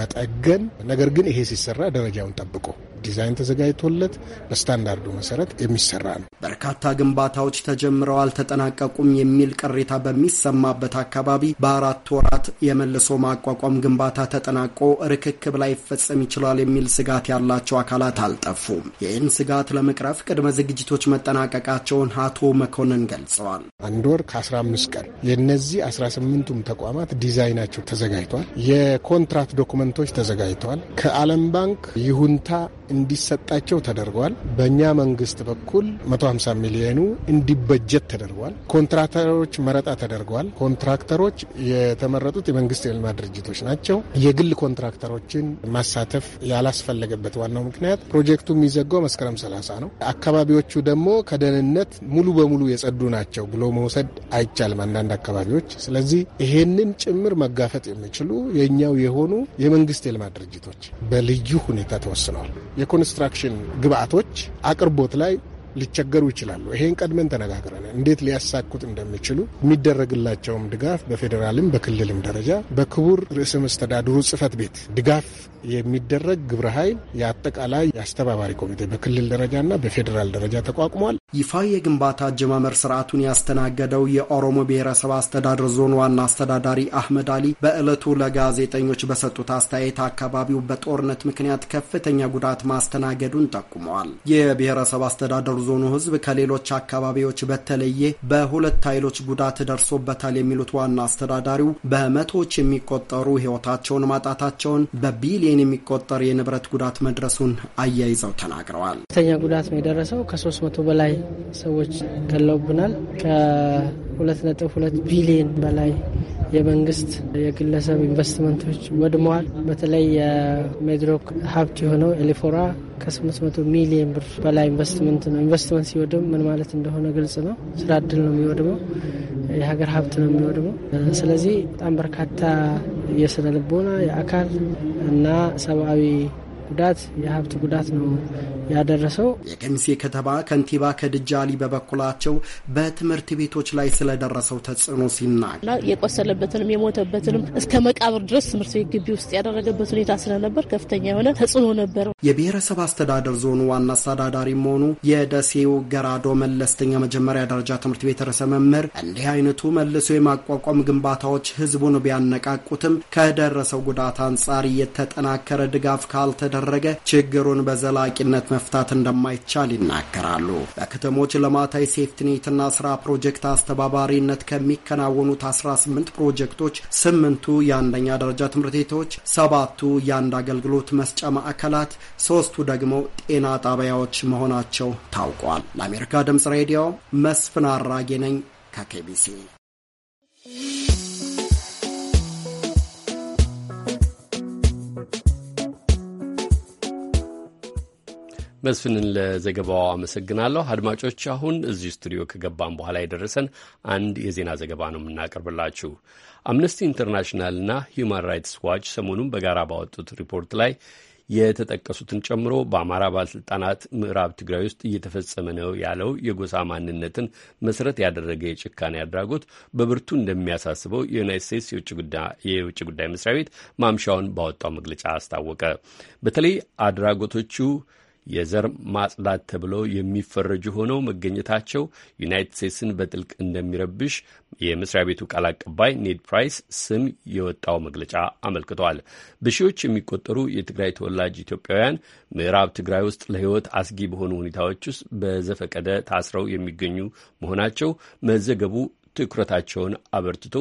መጠገን ነገር ግን ይሄ ሲሰራ ደረጃውን ጠብቆ ዲዛይን ተዘጋጅቶለት በስታንዳርዱ መሰረት የሚሰራ ነው። በርካታ ግንባታዎች ተጀምረው አልተጠናቀቁም የሚል ቅሬታ በሚሰማበት አካባቢ በአራት ወራት የመልሶ ማቋቋም ግንባታ ተጠናቆ ርክክብ ላይ ይፈጸም ይችላል የሚል ስጋት ያላቸው አካላት አልጠፉም። ይህን ስጋት ለመቅረፍ ቅድመ ዝግጅቶች መጠናቀቃቸውን አቶ መኮንን ገልጸዋል። አንድ ወር ከ15 ቀን የነዚህ 18ቱም ተቋማት ዲዛይናቸው ተዘጋጅቷል። የኮንትራት ዶኩመንቶች ተዘጋጅተዋል። ከዓለም ባንክ ይሁንታ እንዲሰጣቸው ተደርጓል። በእኛ መንግስት በኩል 150 ሚሊዮኑ እንዲበጀት ተደርጓል። ኮንትራክተሮች መረጣ ተደርጓል። ኮንትራክተሮች የተመረጡት የመንግስት የልማት ድርጅቶች ናቸው። የግል ኮንትራክተሮችን ማሳተፍ ያላስፈለገበት ዋናው ምክንያት ፕሮጀክቱ የሚዘጋው መስከረም 30 ነው። አካባቢዎቹ ደግሞ ከደህንነት ሙሉ በሙሉ የጸዱ ናቸው ብሎ መውሰድ አይቻልም አንዳንድ አካባቢዎች። ስለዚህ ይሄንን ጭምር መጋፈጥ የሚችሉ የእኛው የሆኑ የመንግስት የልማት ድርጅቶች በልዩ ሁኔታ ተወስነዋል። የኮንስትራክሽን ግብአቶች አቅርቦት ላይ ሊቸገሩ ይችላሉ። ይሄን ቀድመን ተነጋግረን እንዴት ሊያሳኩት እንደሚችሉ የሚደረግላቸውም ድጋፍ በፌዴራልም በክልልም ደረጃ በክቡር ርዕሰ መስተዳድሩ ጽህፈት ቤት ድጋፍ የሚደረግ ግብረ ኃይል የአጠቃላይ የአስተባባሪ ኮሚቴ በክልል ደረጃና በፌዴራል ደረጃ ተቋቁሟል። ይፋ የግንባታ አጀማመር ስርዓቱን ያስተናገደው የኦሮሞ ብሔረሰብ አስተዳደር ዞን ዋና አስተዳዳሪ አህመድ አሊ በዕለቱ ለጋዜጠኞች በሰጡት አስተያየት አካባቢው በጦርነት ምክንያት ከፍተኛ ጉዳት ማስተናገዱን ጠቁመዋል። የብሔረሰብ አስተዳደሩ ዞኑ ህዝብ ከሌሎች አካባቢዎች በተለየ በሁለት ኃይሎች ጉዳት ደርሶበታል የሚሉት ዋና አስተዳዳሪው በመቶዎች የሚቆጠሩ ህይወታቸውን ማጣታቸውን በቢሊየን የሚቆጠር የንብረት ጉዳት መድረሱን አያይዘው ተናግረዋል። ተኛ ጉዳት ነው የደረሰው። ከሶስት መቶ በላይ ሰዎች ገለውብናል። ከሁለት ነጥብ ሁለት ቢሊየን በላይ የመንግስት የግለሰብ ኢንቨስትመንቶች ወድመዋል። በተለይ የሜድሮክ ሀብት የሆነው ኤሊፎራ ከ800 ሚሊዮን ብር በላይ ኢንቨስትመንት ነው ኢንቨስትመንት ሲወድም ምን ማለት እንደሆነ ግልጽ ነው። ስራ እድል ነው የሚወድመው፣ የሀገር ሀብት ነው የሚወድመው። ስለዚህ በጣም በርካታ የስነ ልቦና የአካል እና ሰብአዊ ጉዳት የሀብት ጉዳት ነው ያደረሰው። የቀሚሴ ከተማ ከንቲባ ከድጃሊ በበኩላቸው በትምህርት ቤቶች ላይ ስለደረሰው ተጽዕኖ ሲናገሩ የቆሰለበትንም የሞተበትንም እስከ መቃብር ድረስ ትምህርት ቤት ግቢ ውስጥ ያደረገበት ሁኔታ ስለነበር ከፍተኛ የሆነ ተጽዕኖ ነበረው። የብሔረሰብ አስተዳደር ዞኑ ዋና አስተዳዳሪ መሆኑ የደሴው ገራዶ መለስተኛ መጀመሪያ ደረጃ ትምህርት ቤት ርዕሰ መምህር እንዲህ አይነቱ መልሶ የማቋቋም ግንባታዎች ህዝቡን ቢያነቃቁትም ከደረሰው ጉዳት አንጻር የተጠናከረ ድጋፍ ካልተደ ከተደረገ ችግሩን በዘላቂነት መፍታት እንደማይቻል ይናገራሉ። በከተሞች ልማታዊ ሴፍትኔትና ስራ ፕሮጀክት አስተባባሪነት ከሚከናወኑት 18 ፕሮጀክቶች ስምንቱ የአንደኛ ደረጃ ትምህርት ቤቶች፣ ሰባቱ የአንድ አገልግሎት መስጫ ማዕከላት፣ ሶስቱ ደግሞ ጤና ጣቢያዎች መሆናቸው ታውቋል። ለአሜሪካ ድምጽ ሬዲዮ መስፍን አራጌ ነኝ ከኬቢሲ መስፍንን ለዘገባው አመሰግናለሁ። አድማጮች፣ አሁን እዚህ ስቱዲዮ ከገባን በኋላ የደረሰን አንድ የዜና ዘገባ ነው የምናቀርብላችሁ። አምነስቲ ኢንተርናሽናልና ሂዩማን ራይትስ ዋች ሰሞኑን በጋራ ባወጡት ሪፖርት ላይ የተጠቀሱትን ጨምሮ በአማራ ባለስልጣናት ምዕራብ ትግራይ ውስጥ እየተፈጸመ ነው ያለው የጎሳ ማንነትን መሰረት ያደረገ የጭካኔ አድራጎት በብርቱ እንደሚያሳስበው የዩናይት ስቴትስ የውጭ ጉዳይ መስሪያ ቤት ማምሻውን ባወጣው መግለጫ አስታወቀ። በተለይ አድራጎቶቹ የዘር ማጽዳት ተብለው የሚፈረጁ ሆነው መገኘታቸው ዩናይትድ ስቴትስን በጥልቅ እንደሚረብሽ የመስሪያ ቤቱ ቃል አቀባይ ኔድ ፕራይስ ስም የወጣው መግለጫ አመልክቷል። በሺዎች የሚቆጠሩ የትግራይ ተወላጅ ኢትዮጵያውያን ምዕራብ ትግራይ ውስጥ ለሕይወት አስጊ በሆኑ ሁኔታዎች ውስጥ በዘፈቀደ ታስረው የሚገኙ መሆናቸው መዘገቡ ትኩረታቸውን አበርትቶ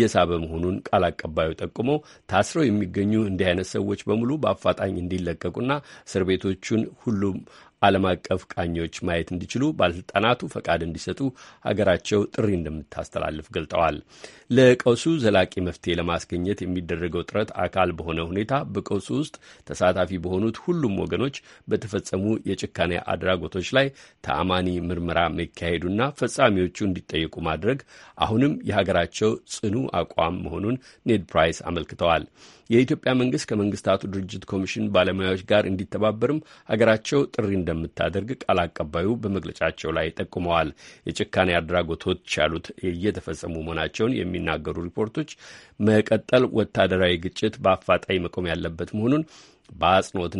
የሳበ መሆኑን ቃል አቀባዩ ጠቁሞ ታስረው የሚገኙ እንዲህ አይነት ሰዎች በሙሉ በአፋጣኝ እንዲለቀቁና እስር ቤቶቹን ሁሉም ዓለም አቀፍ ቃኞች ማየት እንዲችሉ ባለሥልጣናቱ ፈቃድ እንዲሰጡ ሀገራቸው ጥሪ እንደምታስተላልፍ ገልጠዋል። ለቀውሱ ዘላቂ መፍትሄ ለማስገኘት የሚደረገው ጥረት አካል በሆነ ሁኔታ በቀውሱ ውስጥ ተሳታፊ በሆኑት ሁሉም ወገኖች በተፈጸሙ የጭካኔ አድራጎቶች ላይ ተአማኒ ምርመራ መካሄዱና ፈጻሚዎቹ እንዲጠየቁ ማድረግ አሁንም የሀገራቸው ጽኑ አቋም መሆኑን ኔድ ፕራይስ አመልክተዋል። የኢትዮጵያ መንግስት ከመንግስታቱ ድርጅት ኮሚሽን ባለሙያዎች ጋር እንዲተባበርም ሀገራቸው ጥሪ እንደምታደርግ ቃል አቀባዩ በመግለጫቸው ላይ ጠቁመዋል። የጭካኔ አድራጎቶች ያሉት እየተፈጸሙ መሆናቸውን የሚናገሩ ሪፖርቶች መቀጠል ወታደራዊ ግጭት በአፋጣኝ መቆም ያለበት መሆኑን በአጽንኦት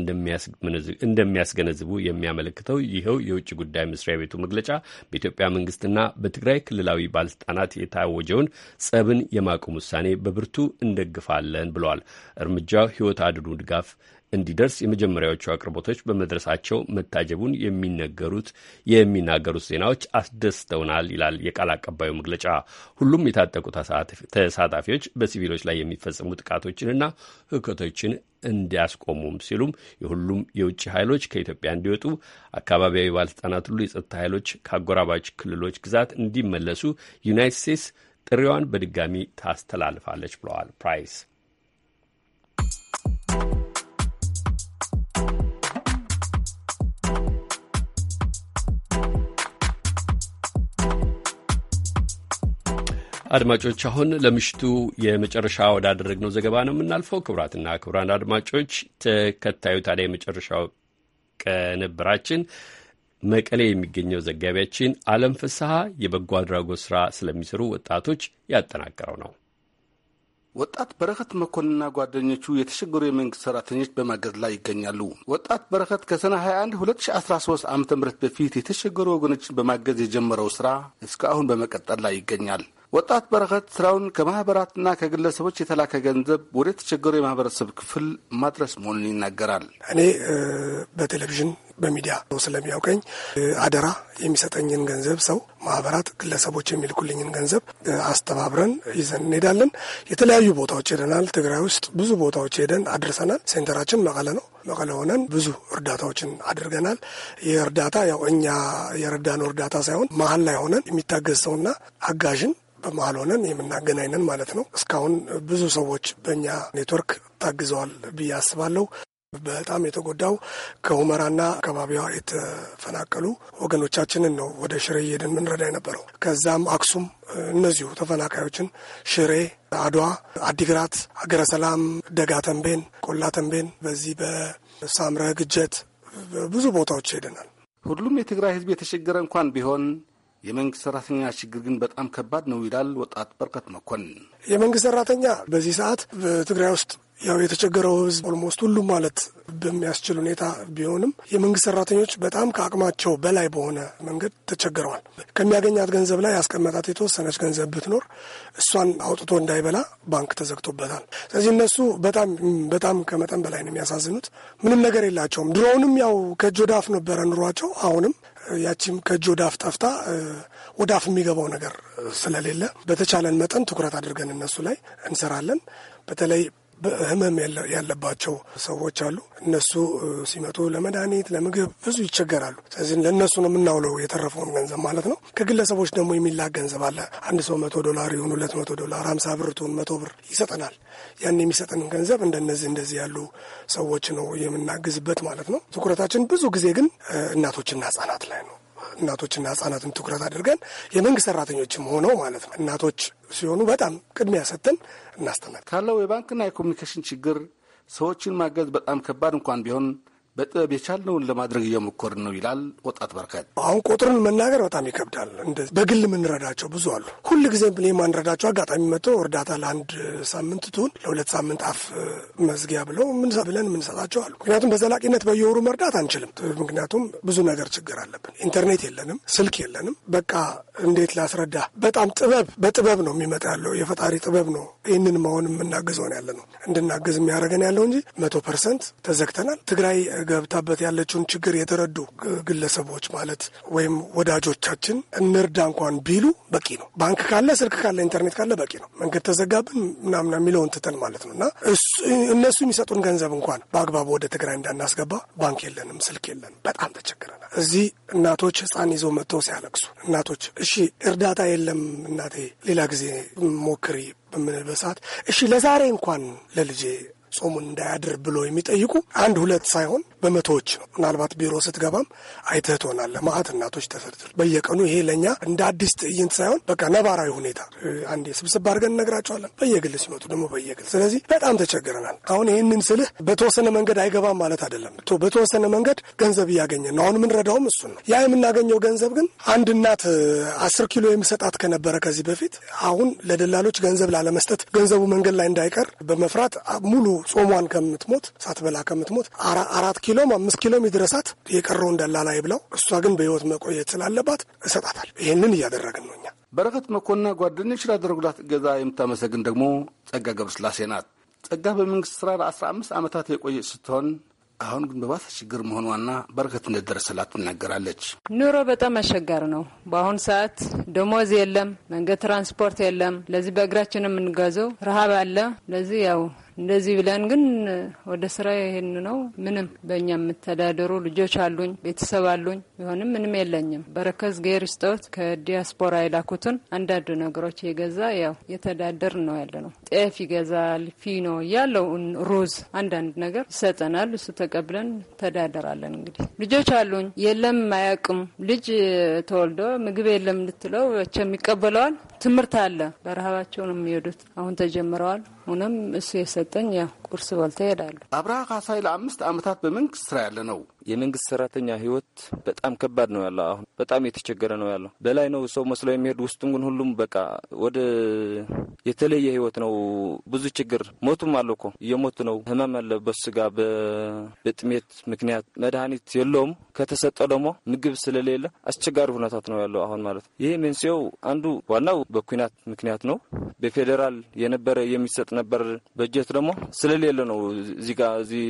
እንደሚያስገነዝቡ የሚያመለክተው ይኸው የውጭ ጉዳይ መስሪያ ቤቱ መግለጫ በኢትዮጵያ መንግስትና በትግራይ ክልላዊ ባለስልጣናት የታወጀውን ጸብን የማቆም ውሳኔ በብርቱ እንደግፋለን ብሏል። እርምጃው ህይወት አድኑ ድጋፍ እንዲደርስ የመጀመሪያዎቹ አቅርቦቶች በመድረሳቸው መታጀቡን የሚነገሩት የሚናገሩት ዜናዎች አስደስተውናል ይላል የቃል አቀባዩ መግለጫ። ሁሉም የታጠቁ ተሳታፊዎች በሲቪሎች ላይ የሚፈጸሙ ጥቃቶችንና ህውከቶችን እንዲያስቆሙም ሲሉም የሁሉም የውጭ ኃይሎች ከኢትዮጵያ እንዲወጡ፣ አካባቢያዊ ባለስልጣናት ሁሉ የጸጥታ ኃይሎች ከአጎራባች ክልሎች ግዛት እንዲመለሱ ዩናይትድ ስቴትስ ጥሪዋን በድጋሚ ታስተላልፋለች ብለዋል ፕራይስ። አድማጮች አሁን ለምሽቱ የመጨረሻ ወዳደረግነው ዘገባ ነው የምናልፈው። ክቡራትና ክቡራን አድማጮች ተከታዩ ታዲያ የመጨረሻው ቅንብራችን መቀሌ የሚገኘው ዘጋቢያችን አለም ፍስሐ የበጎ አድራጎት ስራ ስለሚሰሩ ወጣቶች ያጠናቀረው ነው። ወጣት በረከት መኮንና ጓደኞቹ የተቸገሩ የመንግስት ሰራተኞች በማገዝ ላይ ይገኛሉ። ወጣት በረከት ከሰነ 21 2013 ዓ ም በፊት የተቸገሩ ወገኖችን በማገዝ የጀመረው ስራ እስካሁን በመቀጠል ላይ ይገኛል። ወጣት በረከት ስራውን ከማህበራትና ከግለሰቦች የተላከ ገንዘብ ወደ ተቸገሩ የማህበረሰብ ክፍል ማድረስ መሆኑን ይናገራል። እኔ በቴሌቪዥን በሚዲያ ስለሚያውቀኝ አደራ የሚሰጠኝን ገንዘብ ሰው፣ ማህበራት፣ ግለሰቦች የሚልኩልኝን ገንዘብ አስተባብረን ይዘን እንሄዳለን። የተለያዩ ቦታዎች ሄደናል። ትግራይ ውስጥ ብዙ ቦታዎች ሄደን አድርሰናል። ሴንተራችን መቀለ ነው። መቀለ ሆነን ብዙ እርዳታዎችን አድርገናል። የእርዳታ እርዳታ ያው እኛ የረዳነው እርዳታ ሳይሆን መሀል ላይ ሆነን የሚታገዝ ሰውና አጋዥን በመሀል ሆነን የምናገናኝነን ማለት ነው። እስካሁን ብዙ ሰዎች በእኛ ኔትወርክ ታግዘዋል ብዬ አስባለሁ። በጣም የተጎዳው ከሁመራና አካባቢዋ የተፈናቀሉ ወገኖቻችንን ነው ወደ ሽሬ እየሄድን ምንረዳ የነበረው። ከዛም አክሱም እነዚሁ ተፈናቃዮችን ሽሬ፣ አድዋ፣ አዲግራት፣ ሀገረ ሰላም፣ ደጋ ተንቤን፣ ቆላ ተንቤን፣ በዚህ በሳምረ ግጀት ብዙ ቦታዎች ሄደናል። ሁሉም የትግራይ ሕዝብ የተቸገረ እንኳን ቢሆን የመንግስት ሰራተኛ ችግር ግን በጣም ከባድ ነው ይላል ወጣት በርከት መኮንን። የመንግስት ሰራተኛ በዚህ ሰዓት በትግራይ ውስጥ ያው የተቸገረው ህዝብ ኦልሞስት ሁሉም ማለት በሚያስችል ሁኔታ ቢሆንም የመንግስት ሰራተኞች በጣም ከአቅማቸው በላይ በሆነ መንገድ ተቸግረዋል። ከሚያገኛት ገንዘብ ላይ ያስቀመጣት የተወሰነች ገንዘብ ብትኖር እሷን አውጥቶ እንዳይበላ ባንክ ተዘግቶበታል። ስለዚህ እነሱ በጣም በጣም ከመጠን በላይ ነው የሚያሳዝኑት። ምንም ነገር የላቸውም። ድሮውንም ያው ከእጅ ወደ አፍ ነበረ ኑሯቸው። አሁንም ያቺም ከእጅ ወደ አፍ ጠፍታ ወደ አፍ የሚገባው ነገር ስለሌለ በተቻለን መጠን ትኩረት አድርገን እነሱ ላይ እንሰራለን። በተለይ ህመም ያለባቸው ሰዎች አሉ። እነሱ ሲመጡ ለመድኃኒት ለምግብ ብዙ ይቸገራሉ። ስለዚህ ለእነሱ ነው የምናውለው የተረፈውን ገንዘብ ማለት ነው። ከግለሰቦች ደግሞ የሚላክ ገንዘብ አለ። አንድ ሰው መቶ ዶላር ይሁን ሁለት መቶ ዶላር ሀምሳ ብር ትሁን መቶ ብር ይሰጠናል። ያን የሚሰጠን ገንዘብ እንደነዚህ እንደዚህ ያሉ ሰዎች ነው የምናግዝበት ማለት ነው። ትኩረታችን ብዙ ጊዜ ግን እናቶችና ህጻናት ላይ ነው። እናቶችና ህጻናትን ትኩረት አድርገን የመንግስት ሰራተኞችም ሆነው ማለት ነው እናቶች ሲሆኑ በጣም ቅድሚያ ሰጥተን እናስተናግድ ካለው የባንክና የኮሚኒኬሽን ችግር ሰዎችን ማገዝ በጣም ከባድ እንኳን ቢሆን በጥበብ የቻልነውን ለማድረግ እየሞከርን ነው ይላል ወጣት በርከት። አሁን ቁጥሩን መናገር በጣም ይከብዳል። እንደ በግል የምንረዳቸው ብዙ አሉ። ሁል ጊዜ የማንረዳቸው አጋጣሚ መጥተው እርዳታ ለአንድ ሳምንት ትሁን ለሁለት ሳምንት አፍ መዝጊያ ብለው ብለን የምንሰጣቸው አሉ። ምክንያቱም በዘላቂነት በየወሩ መርዳት አንችልም። ምክንያቱም ብዙ ነገር ችግር አለብን። ኢንተርኔት የለንም፣ ስልክ የለንም። በቃ እንዴት ላስረዳ? በጣም ጥበብ በጥበብ ነው የሚመጣ ያለው የፈጣሪ ጥበብ ነው። ይህንን መሆን ሆን ያለ ነው እንድናግዝ የሚያደርገን ያለው እንጂ መቶ ፐርሰንት ተዘግተናል። ትግራይ ገብታበት ያለችውን ችግር የተረዱ ግለሰቦች ማለት ወይም ወዳጆቻችን እንርዳ እንኳን ቢሉ በቂ ነው። ባንክ ካለ፣ ስልክ ካለ፣ ኢንተርኔት ካለ በቂ ነው። መንገድ ተዘጋብን ምናምን የሚለውን ትተን ማለት ነው እና እነሱ የሚሰጡን ገንዘብ እንኳን በአግባቡ ወደ ትግራይ እንዳናስገባ ባንክ የለንም፣ ስልክ የለንም። በጣም ተቸግረናል። እዚህ እናቶች ህፃን ይዘው መጥተው ሲያለቅሱ እናቶች እሺ እርዳታ የለም እናቴ ሌላ ጊዜ ሞክሪ በምንልበት እሺ ለዛሬ እንኳን ለልጄ ጾሙን እንዳያድር ብሎ የሚጠይቁ አንድ ሁለት ሳይሆን በመቶዎች ነው። ምናልባት ቢሮ ስትገባም አይተህ ትሆናለህ። መዓት እናቶች ተሰድር በየቀኑ ይሄ ለእኛ እንደ አዲስ ትዕይንት ሳይሆን በቃ ነባራዊ ሁኔታ አንዴ ስብስብ አድርገን እነግራቸዋለን። በየግል ሲመጡ ደግሞ በየግል ስለዚህ በጣም ተቸግረናል። አሁን ይህንን ስልህ በተወሰነ መንገድ አይገባም ማለት አይደለም። በተወሰነ መንገድ ገንዘብ እያገኘን ነው። አሁን የምንረዳውም እሱን ነው። ያ የምናገኘው ገንዘብ ግን አንድ እናት አስር ኪሎ የሚሰጣት ከነበረ ከዚህ በፊት አሁን ለደላሎች ገንዘብ ላለመስጠት ገንዘቡ መንገድ ላይ እንዳይቀር በመፍራት ሙሉ ጾሟን ከምትሞት ሳትበላ ከምትሞት አራት ኪሎም አምስት ኪሎም ይድረሳት የቀረው እንዳላ ላይ ብላው እሷ ግን በህይወት መቆየት ስላለባት እሰጣታል። ይህንን እያደረግን ነው እኛ። በረከት መኮንና ጓደኞች ላደረጉላት እገዛ የምታመሰግን ደግሞ ጸጋ ገብረስላሴ ናት። ጸጋ በመንግስት ስራ ለአስራ አምስት ዓመታት የቆየች ስትሆን አሁን ግን በባሰ ችግር መሆኗና በረከት እንደደረሰላት ትናገራለች። ኑሮ በጣም አስቸጋሪ ነው። በአሁኑ ሰዓት ደሞዝ የለም፣ መንገድ ትራንስፖርት የለም። ለዚህ በእግራችን የምንጓዘው ረሃብ አለ። ለዚህ ያው እንደዚህ ብለን ግን ወደ ስራ ይሄን ነው ምንም በእኛ የምተዳደሩ ልጆች አሉኝ፣ ቤተሰብ አሉኝ። ቢሆንም ምንም የለኝም። በረከዝ ጌር ከዲያስፖራ የላኩትን አንዳንድ ነገሮች የገዛ ያው የተዳደር ነው ያለ ነው። ጤፍ ይገዛል፣ ፊኖ ያለው ሩዝ፣ አንዳንድ ነገር ይሰጠናል። እሱ ተቀብለን ተዳደራለን። እንግዲህ ልጆች አሉኝ የለም አያውቅም ልጅ ተወልዶ ምግብ የለም ልትለው መቼም ይቀበለዋል። ትምህርት አለ። በረሃባቸው ነው የሚሄዱት። አሁን ተጀምረዋል። ሁነም እሱ የሰጠኝ ያ ቁርስ በልተ ይሄዳሉ። አብርሃ ካሳይ ለአምስት ዓመታት በመንግስት ስራ ያለ ነው። የመንግስት ሰራተኛ ህይወት በጣም ከባድ ነው ያለው። አሁን በጣም የተቸገረ ነው ያለው። በላይ ነው ሰው መስሎ የሚሄድ ውስጡም ግን ሁሉም በቃ ወደ የተለየ ህይወት ነው። ብዙ ችግር ሞቱም አለ እኮ እየሞቱ ነው። ህመም አለ በስጋ በጥሜት ምክንያት መድኃኒት የለውም። ከተሰጠ ደግሞ ምግብ ስለሌለ አስቸጋሪ ሁነታት ነው ያለው አሁን ማለት ይህ መንስኤው አንዱ ዋናው በኩናት ምክንያት ነው። በፌዴራል የነበረ የሚሰጥ ነበር በጀት ደግሞ ስለሌለ ነው እዚህ ጋ እዚህ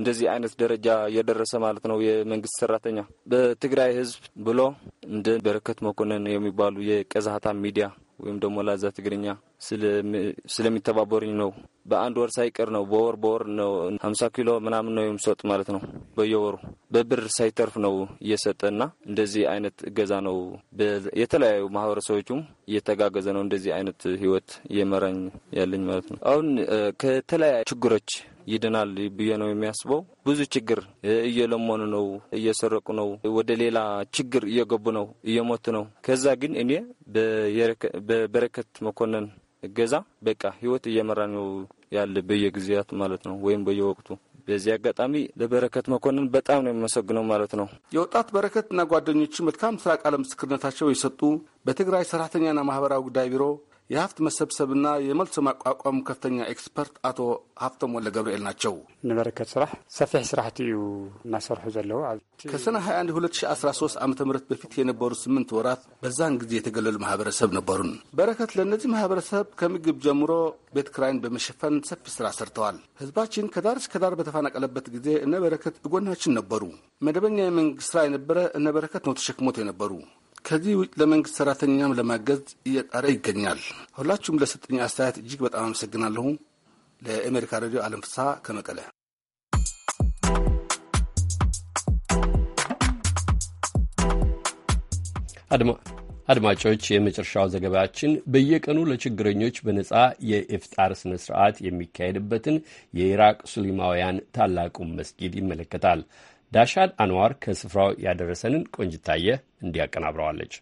እንደዚህ አይነት ደረጃ የደረሰ ማለት ነው። የመንግስት ሰራተኛ በትግራይ ህዝብ ብሎ እንደ በረከት መኮንን የሚባሉ የቀዛታ ሚዲያ ወይም ደግሞ ላዛ ትግርኛ ስለሚተባበሩኝ ነው። በአንድ ወር ሳይቀር ነው፣ በወር በወር ነው። ሀምሳ ኪሎ ምናምን ነው የምሰጥ ማለት ነው። በየወሩ በብር ሳይተርፍ ነው እየሰጠና እንደዚህ አይነት እገዛ ነው። የተለያዩ ማህበረሰቦቹም እየተጋገዘ ነው እንደዚህ አይነት ህይወት እየመራኝ ያለኝ ማለት ነው። አሁን ከተለያዩ ችግሮች ይድናል ብዬ ነው የሚያስበው። ብዙ ችግር እየለመኑ ነው፣ እየሰረቁ ነው፣ ወደ ሌላ ችግር እየገቡ ነው፣ እየሞቱ ነው። ከዛ ግን እኔ በበረከት መኮንን እገዛ በቃ ህይወት እየመራ ነው ያለ በየጊዜያት ማለት ነው ወይም በየወቅቱ በዚህ አጋጣሚ ለበረከት መኮንን በጣም ነው የሚመሰግነው ማለት ነው። የወጣት በረከትና ጓደኞቹ መልካም ስራ ቃለ ምስክርነታቸው የሰጡ በትግራይ ሰራተኛና ማህበራዊ ጉዳይ ቢሮ የሀብት መሰብሰብና የመልሶ ማቋቋም ከፍተኛ ኤክስፐርት አቶ ሀብቶም ወለ ገብርኤል ናቸው። ንበረከት ስራሕ ሰፊሕ ስራሕቲ እዩ እናሰርሑ ዘለዎ ከሰነ 21 2013 ዓ ም በፊት የነበሩ ስምንት ወራት በዛን ጊዜ የተገለሉ ማህበረሰብ ነበሩን። በረከት ለእነዚህ ማህበረሰብ ከምግብ ጀምሮ ቤት ክራይን በመሸፈን ሰፊ ስራ ሰርተዋል። ህዝባችን ከዳር እስከ ዳር በተፈናቀለበት ጊዜ እነ በረከት እጎናችን ነበሩ። መደበኛ የመንግስት ስራ የነበረ እነ በረከት ነው ተሸክሞት የነበሩ ከዚህ ውጭ ለመንግስት ሰራተኛም ለማገዝ እየጣረ ይገኛል። ሁላችሁም ለሰጠኝ አስተያየት እጅግ በጣም አመሰግናለሁ። ለአሜሪካ ሬዲዮ አለም ፍስሐ ከመቀለ። አድማጮች የመጨረሻው ዘገባችን በየቀኑ ለችግረኞች በነጻ የኢፍጣር ስነ ስርዓት የሚካሄድበትን የኢራቅ ሱሊማውያን ታላቁን መስጊድ ይመለከታል። ዳሻን አንዋር ከስፍራው ያደረሰንን ቆንጅታየ እንዲያቀናብረዋለች።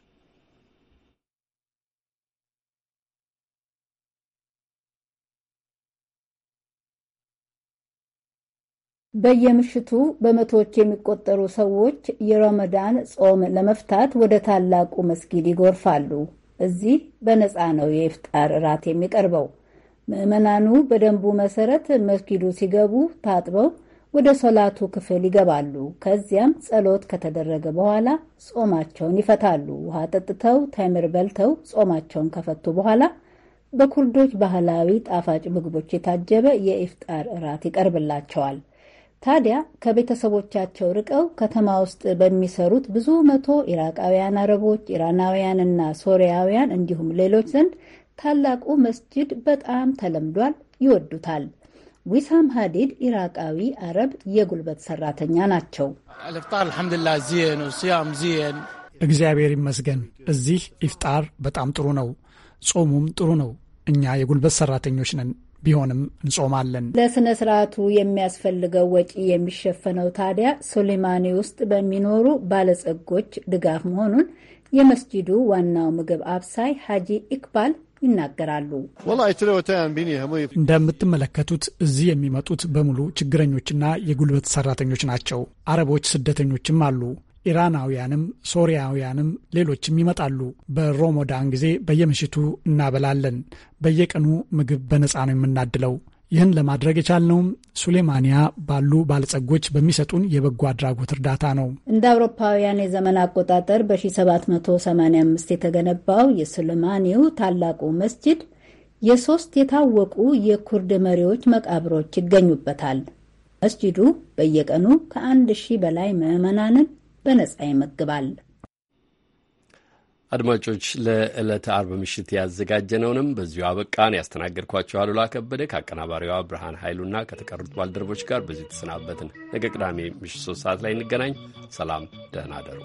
በየምሽቱ በመቶዎች የሚቆጠሩ ሰዎች የረመዳን ጾም ለመፍታት ወደ ታላቁ መስጊድ ይጎርፋሉ። እዚህ በነፃ ነው የኢፍጣር እራት የሚቀርበው። ምዕመናኑ በደንቡ መሰረት መስጊዱ ሲገቡ ታጥበው ወደ ሶላቱ ክፍል ይገባሉ። ከዚያም ጸሎት ከተደረገ በኋላ ጾማቸውን ይፈታሉ። ውሃ ጠጥተው ተምር በልተው ጾማቸውን ከፈቱ በኋላ በኩርዶች ባህላዊ ጣፋጭ ምግቦች የታጀበ የኢፍጣር እራት ይቀርብላቸዋል። ታዲያ ከቤተሰቦቻቸው ርቀው ከተማ ውስጥ በሚሰሩት ብዙ መቶ ኢራቃውያን አረቦች፣ ኢራናውያንና ሶሪያውያን እንዲሁም ሌሎች ዘንድ ታላቁ መስጅድ በጣም ተለምዷል፣ ይወዱታል። ዊሳም ሀዲድ ኢራቃዊ አረብ የጉልበት ሰራተኛ ናቸው። ልፍጣር አልሐምዱላ ዚየን ሲያም ዚየን እግዚአብሔር ይመስገን። እዚህ ኢፍጣር በጣም ጥሩ ነው፣ ጾሙም ጥሩ ነው። እኛ የጉልበት ሰራተኞች ነን፣ ቢሆንም እንጾማለን። ለሥነ ሥርዓቱ የሚያስፈልገው ወጪ የሚሸፈነው ታዲያ ሱሌማኒ ውስጥ በሚኖሩ ባለጸጎች ድጋፍ መሆኑን የመስጂዱ ዋናው ምግብ አብሳይ ሐጂ ኢክባል ይናገራሉ። እንደምትመለከቱት እዚህ የሚመጡት በሙሉ ችግረኞችና የጉልበት ሰራተኞች ናቸው። አረቦች ስደተኞችም አሉ። ኢራናውያንም ሶሪያውያንም ሌሎችም ይመጣሉ። በሮሞዳን ጊዜ በየምሽቱ እናበላለን። በየቀኑ ምግብ በነፃ ነው የምናድለው። ይህን ለማድረግ የቻልነውም ሱሌማንያ ባሉ ባለጸጎች በሚሰጡን የበጎ አድራጎት እርዳታ ነው። እንደ አውሮፓውያን የዘመን አቆጣጠር በ1785 የተገነባው የሱሌማኒው ታላቁ መስጂድ የሶስት የታወቁ የኩርድ መሪዎች መቃብሮች ይገኙበታል። መስጂዱ በየቀኑ ከአንድ ሺህ በላይ ምዕመናንን በነጻ ይመግባል። አድማጮች ለዕለተ አርብ ምሽት ያዘጋጀነውንም በዚሁ አበቃን። ያስተናገድኳቸው አሉላ ከበደ ከአቀናባሪዋ ብርሃን ኃይሉና ከተቀሩት ባልደረቦች ጋር በዚሁ ተሰናበትን። ነገ ቅዳሜ ምሽት ሶስት ሰዓት ላይ እንገናኝ። ሰላም፣ ደህና አደሩ።